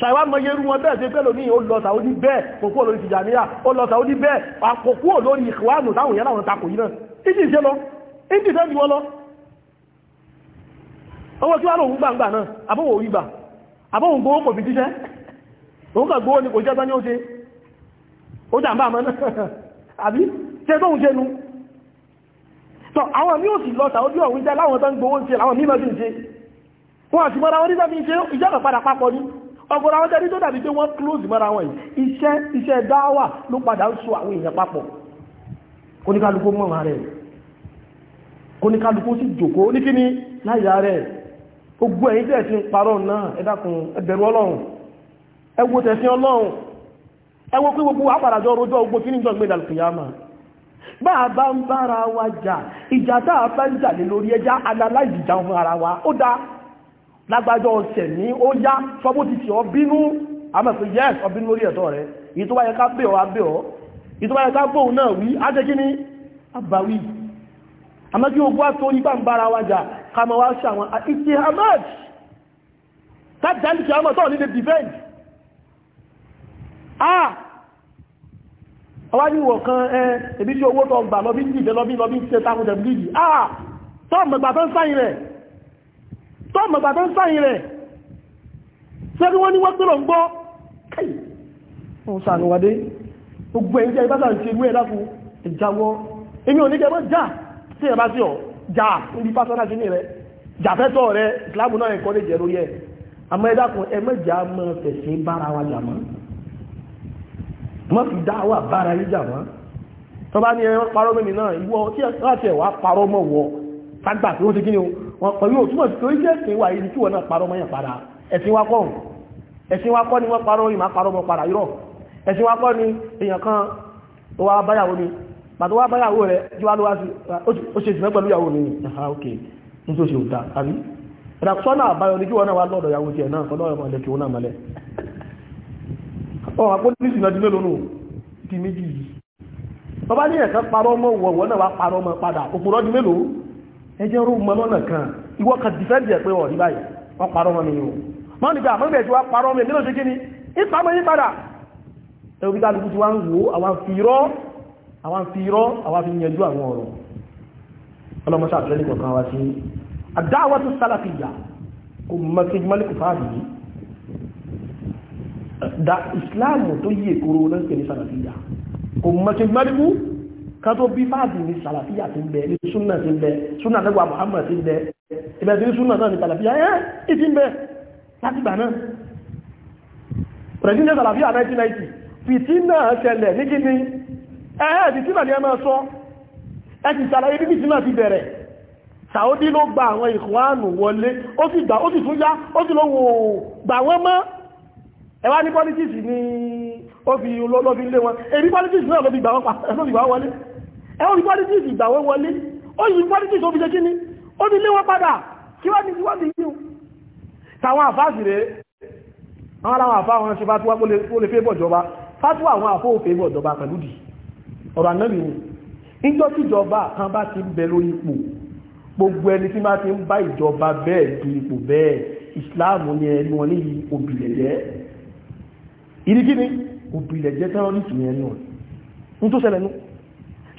ṣàìwá mọye rú wọn bẹ́ẹ̀ tí pẹ́lò ní ó lọ sàúdí bẹ́ẹ̀ kòkó olórí tìjàníyà ó lọ sàúdí bẹ́ẹ̀ àkókó olórí ìwánù táwọn yẹ́ láwọn takò yìí náà ìdí ìṣẹ́ lọ ìdí ìṣẹ́ ni wọ́n lọ ọwọ́ tí wá lòun gbàǹgbà náà àbọ̀wò orí gbà àbọ̀wò gbówó kò fi jíṣẹ́ ni kò jẹ́ tán ní ó ṣe ó jàǹbá àmọ́ náà àbí ṣe tóun ṣe nu tọ àwọn mí ò sì lọ sàúdí ọ̀hún jẹ́ láwọn tán gbówó ń ṣe láwọn mí mọ́ sí ń ṣe àti mọ́ra wọn nígbà fi ń ṣe ìjọba padà papọ̀ ọ̀gọ̀rọ̀ àwọn tẹ́lẹ̀ tó dàbí pé wọ́n close mọ́ra wọn yìí iṣẹ́ iṣẹ́ dáwà ló padà ń so àwọn èèyàn papọ̀ oníkálukú mọ́ rẹ̀ oníkálukú sì jòkó ní kíní láyà rẹ̀ ogbó ẹ̀yìn tẹ́ ti ń parọ́ náà ẹ dákun ẹ bẹ̀rù ọlọ́run ẹ wo tẹ̀sìn ọlọ́run ẹ wo pé gbogbo àpàràjọ rojọ́ ogbó kí níjọ́ gbé dàlùkìyàmà bá a bá ń bára wa jà ìjà tá a bá ń jà lé lórí ẹjá analyze ìjà fún ara wa ó dáa lágbájọ́ ọ̀sẹ̀ ní ó yá sọ́bó ti ṣe ọ bínú yes ọbínú lórí ẹ̀tọ́ rẹ̀ èyí tó bá yẹ ká bẹ̀ ọ́ abẹ́ ọ́ èyí tó bá yẹ ká bóun náà wí ájẹ́kí ní àbáwí àmọ́ kí ogun àtò nígbà ń bára wájà ká máa wá ṣe àwọn kan tó mọ̀gbà tó ń sáyìn rẹ̀ sẹ́bí wọ́n ní wọ́n tó lọ ń gbọ́ káyì wọ́n sàánúwádé gbogbo ẹ̀yìn jẹ́ ìbáta ìṣe mú ẹ̀dá fún ìjáwọ́ èmi ò ní kẹmọ́ jà sí ẹ̀bá sí ọ̀ jà níbi pásánà sí ní rẹ̀ jàfẹ́tọ̀ rẹ̀ ìsìlámù náà ẹ̀kọ́ lè jẹ́rú yẹ àmọ́ ẹ̀dá kan ẹ wa jà mọ́ mọ́ fi dá wà wọn pẹ̀lú òtúmọ̀ tó ń jẹ́ ẹ̀sìn wa yìí tí wọn náà parọ́ mọ́yàn padà ẹ̀sìn wa kọ́ ẹ̀sìn wa kọ́ ni wọ́n parọ́ ìmọ̀ parọ́ mọ́ padà irọ́ ẹ̀sìn wa kọ́ ni èèyàn kan ó wá báyàwó ni pàtó wá báyàwó rẹ̀ tí wá ló wá sí ó ṣe ìsìnkú pẹ̀lú ìyàwó mi aha ok n tó ṣe òta àbí ìdàkùsọ́nà àbáyọ ni kí wọn náà wá lọ́dọ̀ ìyàwó tiẹ̀ náà kọ́lọ́ ọmọ ẹ̀lẹ́kì òun náà mọ́lẹ̀ ọ̀hún apólísì náà di mélòó nù di méjì yìí bàbá ní ẹ̀kan parọ́ mọ́ wọ̀wọ́ náà wá parọ́ ẹjẹ́ rú mọ́ lọ́nà kan ìwọ kan dìfẹ́ǹdì ẹ̀ pé wọ̀ ní báyìí wọ́n parọ́ mọ́ mi ni o máa nígbà mọ́ ìbẹ̀ tí wọ́n parọ́ mi nílò ṣe kí ni ìpamọ́ yí padà ẹ̀rù bí kálukú ti wá ń wò àwọn fi irọ́ àwọn fi irọ́ àwọn fi yẹjú àwọn ọ̀rọ̀ ọlọ́mọṣà àtúrẹ́lì kọ̀ọ̀kan wá sí àdáwọ́ tó sálàfíjà kò da ìsìláàmù tó yí èkóró náà ń pè ní sálàfíjà kò mọ́ kan tó bí fáàbì ní sàlàfíà ti ń bẹ ní súnà ti ń bẹ súnà lẹ́gbàá Muhammad ti ń bẹ ìbẹ̀ tí súnà náà ní sàlàfíà ẹ́ ẹ́ ń bẹ láti gbà náà pẹ̀lú sàlàfíà 1990 fìtí náà ṣẹlẹ̀ ní kíní ẹ̀ẹ́ ti tí màní ẹmọ sọ ẹ ti sàlàyé bí Saudi ló gba àwọn ìkùnwánù wọlé ó sì gbà ó sì tún yá ó sì ló wò gbà wọ́n mọ́ ẹwà ní politics ni ó fi lé wọn èrí politics náà ló fi gbà wọ́n wọlé ẹ̀wọ́n ní politics ìgbàwé wọlé ó yìí politics ó fi ṣe kí ni ó ní lé wọn padà kí wọ́n ní wọ́n ní yíò tàwọn àfáàsì rẹ̀ àwọn aláwọn àfá àwọn ṣe fàtíwà ó lè fẹ́ bọ̀jọba fàtíwà àwọn àfó òfẹ́ bọ̀jọba pẹ̀lú dì ọ̀rọ̀ ànábì ni níjọ́ tí ìjọba kan bá ti ni ẹni wọn níyí òbìlẹ̀jẹ́ ìdí kí ni òbìlẹ̀jẹ́ tó ṣẹlẹ̀ nù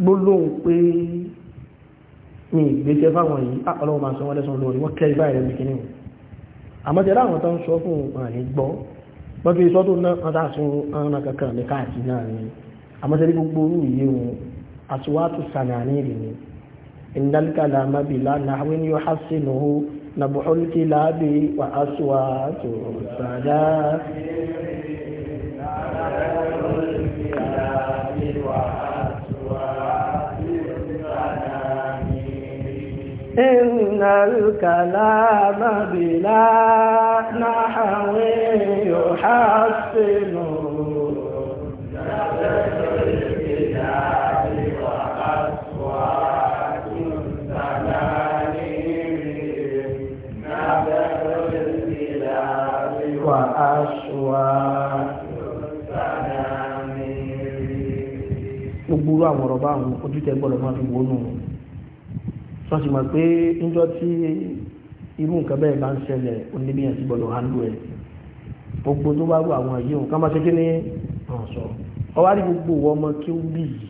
gbólóhùn pé ní ìgbésẹ̀ fáwọn yìí àpọ̀lọ́wọ́ ah, máa sọ wọ́n lẹ́sùn lórí wọ́n kẹ́rì báyìí lẹ́bí kìíní àmọ́tẹ́lá àwọn tó ń sọ fún àní gbọ́ lọ́tún iṣọ́ tó ná ọ̀tá sí ọ̀rọ̀ kankan ní káàkiri náà ni àmọ́tẹ́lá gbogbo orú yìí wọn àtiwátù sànàní rè ni ìdálíkà làmábì lánàáwé ni yóò há sí nùhú wà á sùwà tó sàdá إن الكلام بلا نحو يحسن gbogbo àwọn ọ̀rọ̀ báwọn ojú tẹ gbọ́dọ̀ máa fi wọnú wọn tó sì mọ̀ pé níjọ́ tí irú nǹkan bẹ́ẹ̀ bá ń ṣẹlẹ̀ oníbíyàn ti gbọ́dọ̀ handle ẹ̀ gbogbo tó bá wù àwọn yìí nǹkan máa ṣe kí ni hàn sọ ọ wá rí gbogbo ìwọ ọmọ kí ó bì í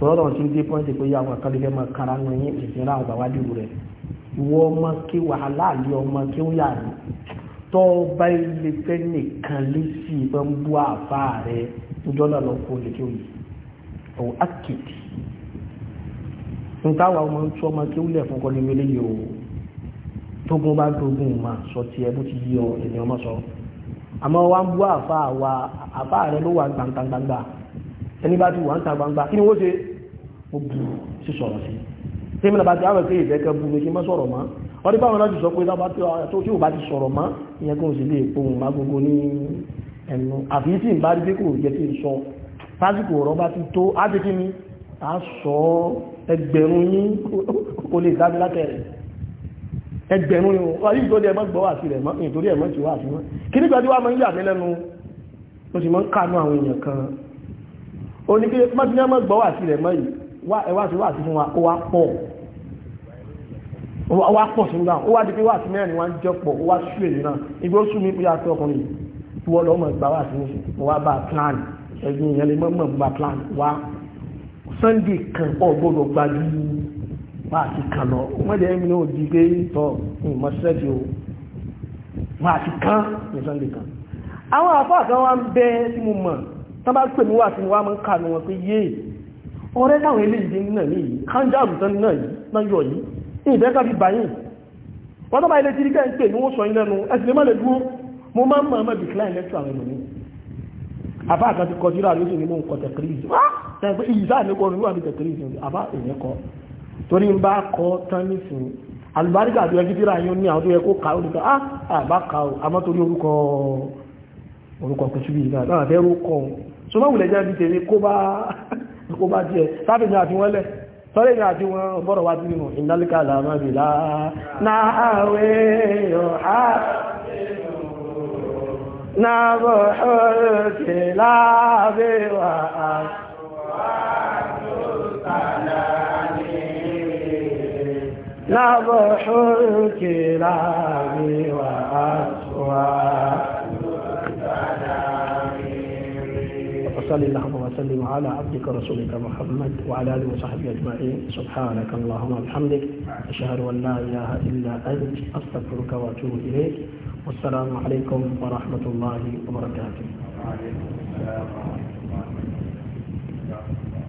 tọ́lọ́ sí dé pọ́ǹtì pé àwọn akadẹ́fẹ́ máa kára ń yín ìṣẹ̀lẹ̀ àwọn àwádìí rẹ̀ ìwọ ọmọ kí wàhálà àlẹ́ ọmọ kí ó yà ní tọ́ bá ilé fẹ́ nìkan lé sí ìbọn ní táwa ọmọ ń tú ọmọ kí ó lẹ̀ fún kọ́ni wọlé yìí o tógun bá dógun mà sọ tiẹ̀ bó ti yí ọ ènìyàn mọ̀ sọ àmọ́ wa ń bú àfa wa àfa rẹ ló wà gbàngbàngbà ẹni bá ti wà ń ta gbangba kí ni wọ́n ṣe ó bu sí sọ̀rọ̀ sí tí mìíràn bá ti àwọn ìpè ìfẹ́kẹ́ bu mi kí má sọ̀rọ̀ mọ́ wọ́n ti báwọn láti sọ pé tí ò bá ti sọ̀rọ̀ mọ́ ìyẹn kò sí lè pohùn má gbogbo ní ẹnu àfi tí ń bá rí kò yẹ kí sọ lásìkò ọ̀rọ̀ bá ti tó á ti kí ni à sọ ọ́ ẹgbẹ̀rún yín kò lè dábí látẹ̀rẹ̀ ẹgbẹ̀rún yín wọ́n yìí tó dẹ̀ mọ́ gbọ́ àti rẹ̀ mọ́ nítorí ẹ̀mọ́ ti wá àti wọ́n kí nígbà tí wàá mọ́ ń yà mí lẹ́nu mo sì mọ́ ń kánú àwọn èèyàn kan ó ní kí mọ́tíná mọ́ gbọ́ àti rẹ̀ mọ́ yìí wá sí wá àti fún wa ó wá pọ̀ ó wá pọ̀ sínú náà ó wá di pé wá sí mẹ́rin wá ń jọ pọ̀ ó wá sú èyí náà igbó sú mi bóyá tó ọkùnrin yìí wọ́n lọ́mọ ìgbà wá sí mi wá bá plan ẹ̀gbìn ìyẹn lè mọ́ mọ́ bá plan wá sunday kan ọ̀ gbọ́dọ̀ gbajú máa ti kàn lọ wọ́n jẹ́ mi náà di pé tọ́ ìmọ̀ sẹ́ẹ̀tì o máa ti kán ní sunday kan àwọn àfáà kan wá ń bẹ tí mo mọ̀ tán bá pè mí wà tí mo wá mọ́ ń kà ní wọn pé yé ọ̀rẹ́ láwọn ilé ìdí náà ní yìí kánjáàrù tán náà yìí náà yọ yìí ní ìbẹ́ká bí báyìí wọ́n tọ́bá ilé tí rí kẹ́ ń pè ní wọ́n sọ ilẹ́nu ẹ̀sìn lè má lè dúró mo máa ń mọ̀ ọmọ decline lecture àwọn ènìyàn àbá àkàn ti kọ síra lóṣù nínú nǹkan tẹ̀kírìsì wá tẹ̀pẹ́ ìyíṣà ní kò níwà ní tẹ̀kírìsì àbá èyí kọ torí ń bá kọ tán nísìn alùbáríkà tó yẹ kí síra yín ní àwọn tó yẹ kó kà ó nìkan á àbá kà ó àmọ́ torí orúkọ orúkọ kò síbi ìgbà náà fẹ́ ró so máa wùlẹ̀ jẹ́ bí tèmi kó bá kó bá díẹ̀ àti wọ́n lẹ̀ sọ́rẹ́ ìrìn àti wọn bọ́rọ̀ wá sí nínú ìdálíkà làmàbìlá náà àwẹ̀ ọ̀há نبح الكلاب وأصوات التنانير نبح الكلاب وأصوات وصل اللهم وسلم على عبدك ورسولك محمد وعلى اله وصحبه اجمعين سبحانك اللهم وبحمدك اشهد ان لا اله الا انت استغفرك واتوب اليك والسلام عليكم ورحمه الله وبركاته. وعليكم السلام ورحمه الله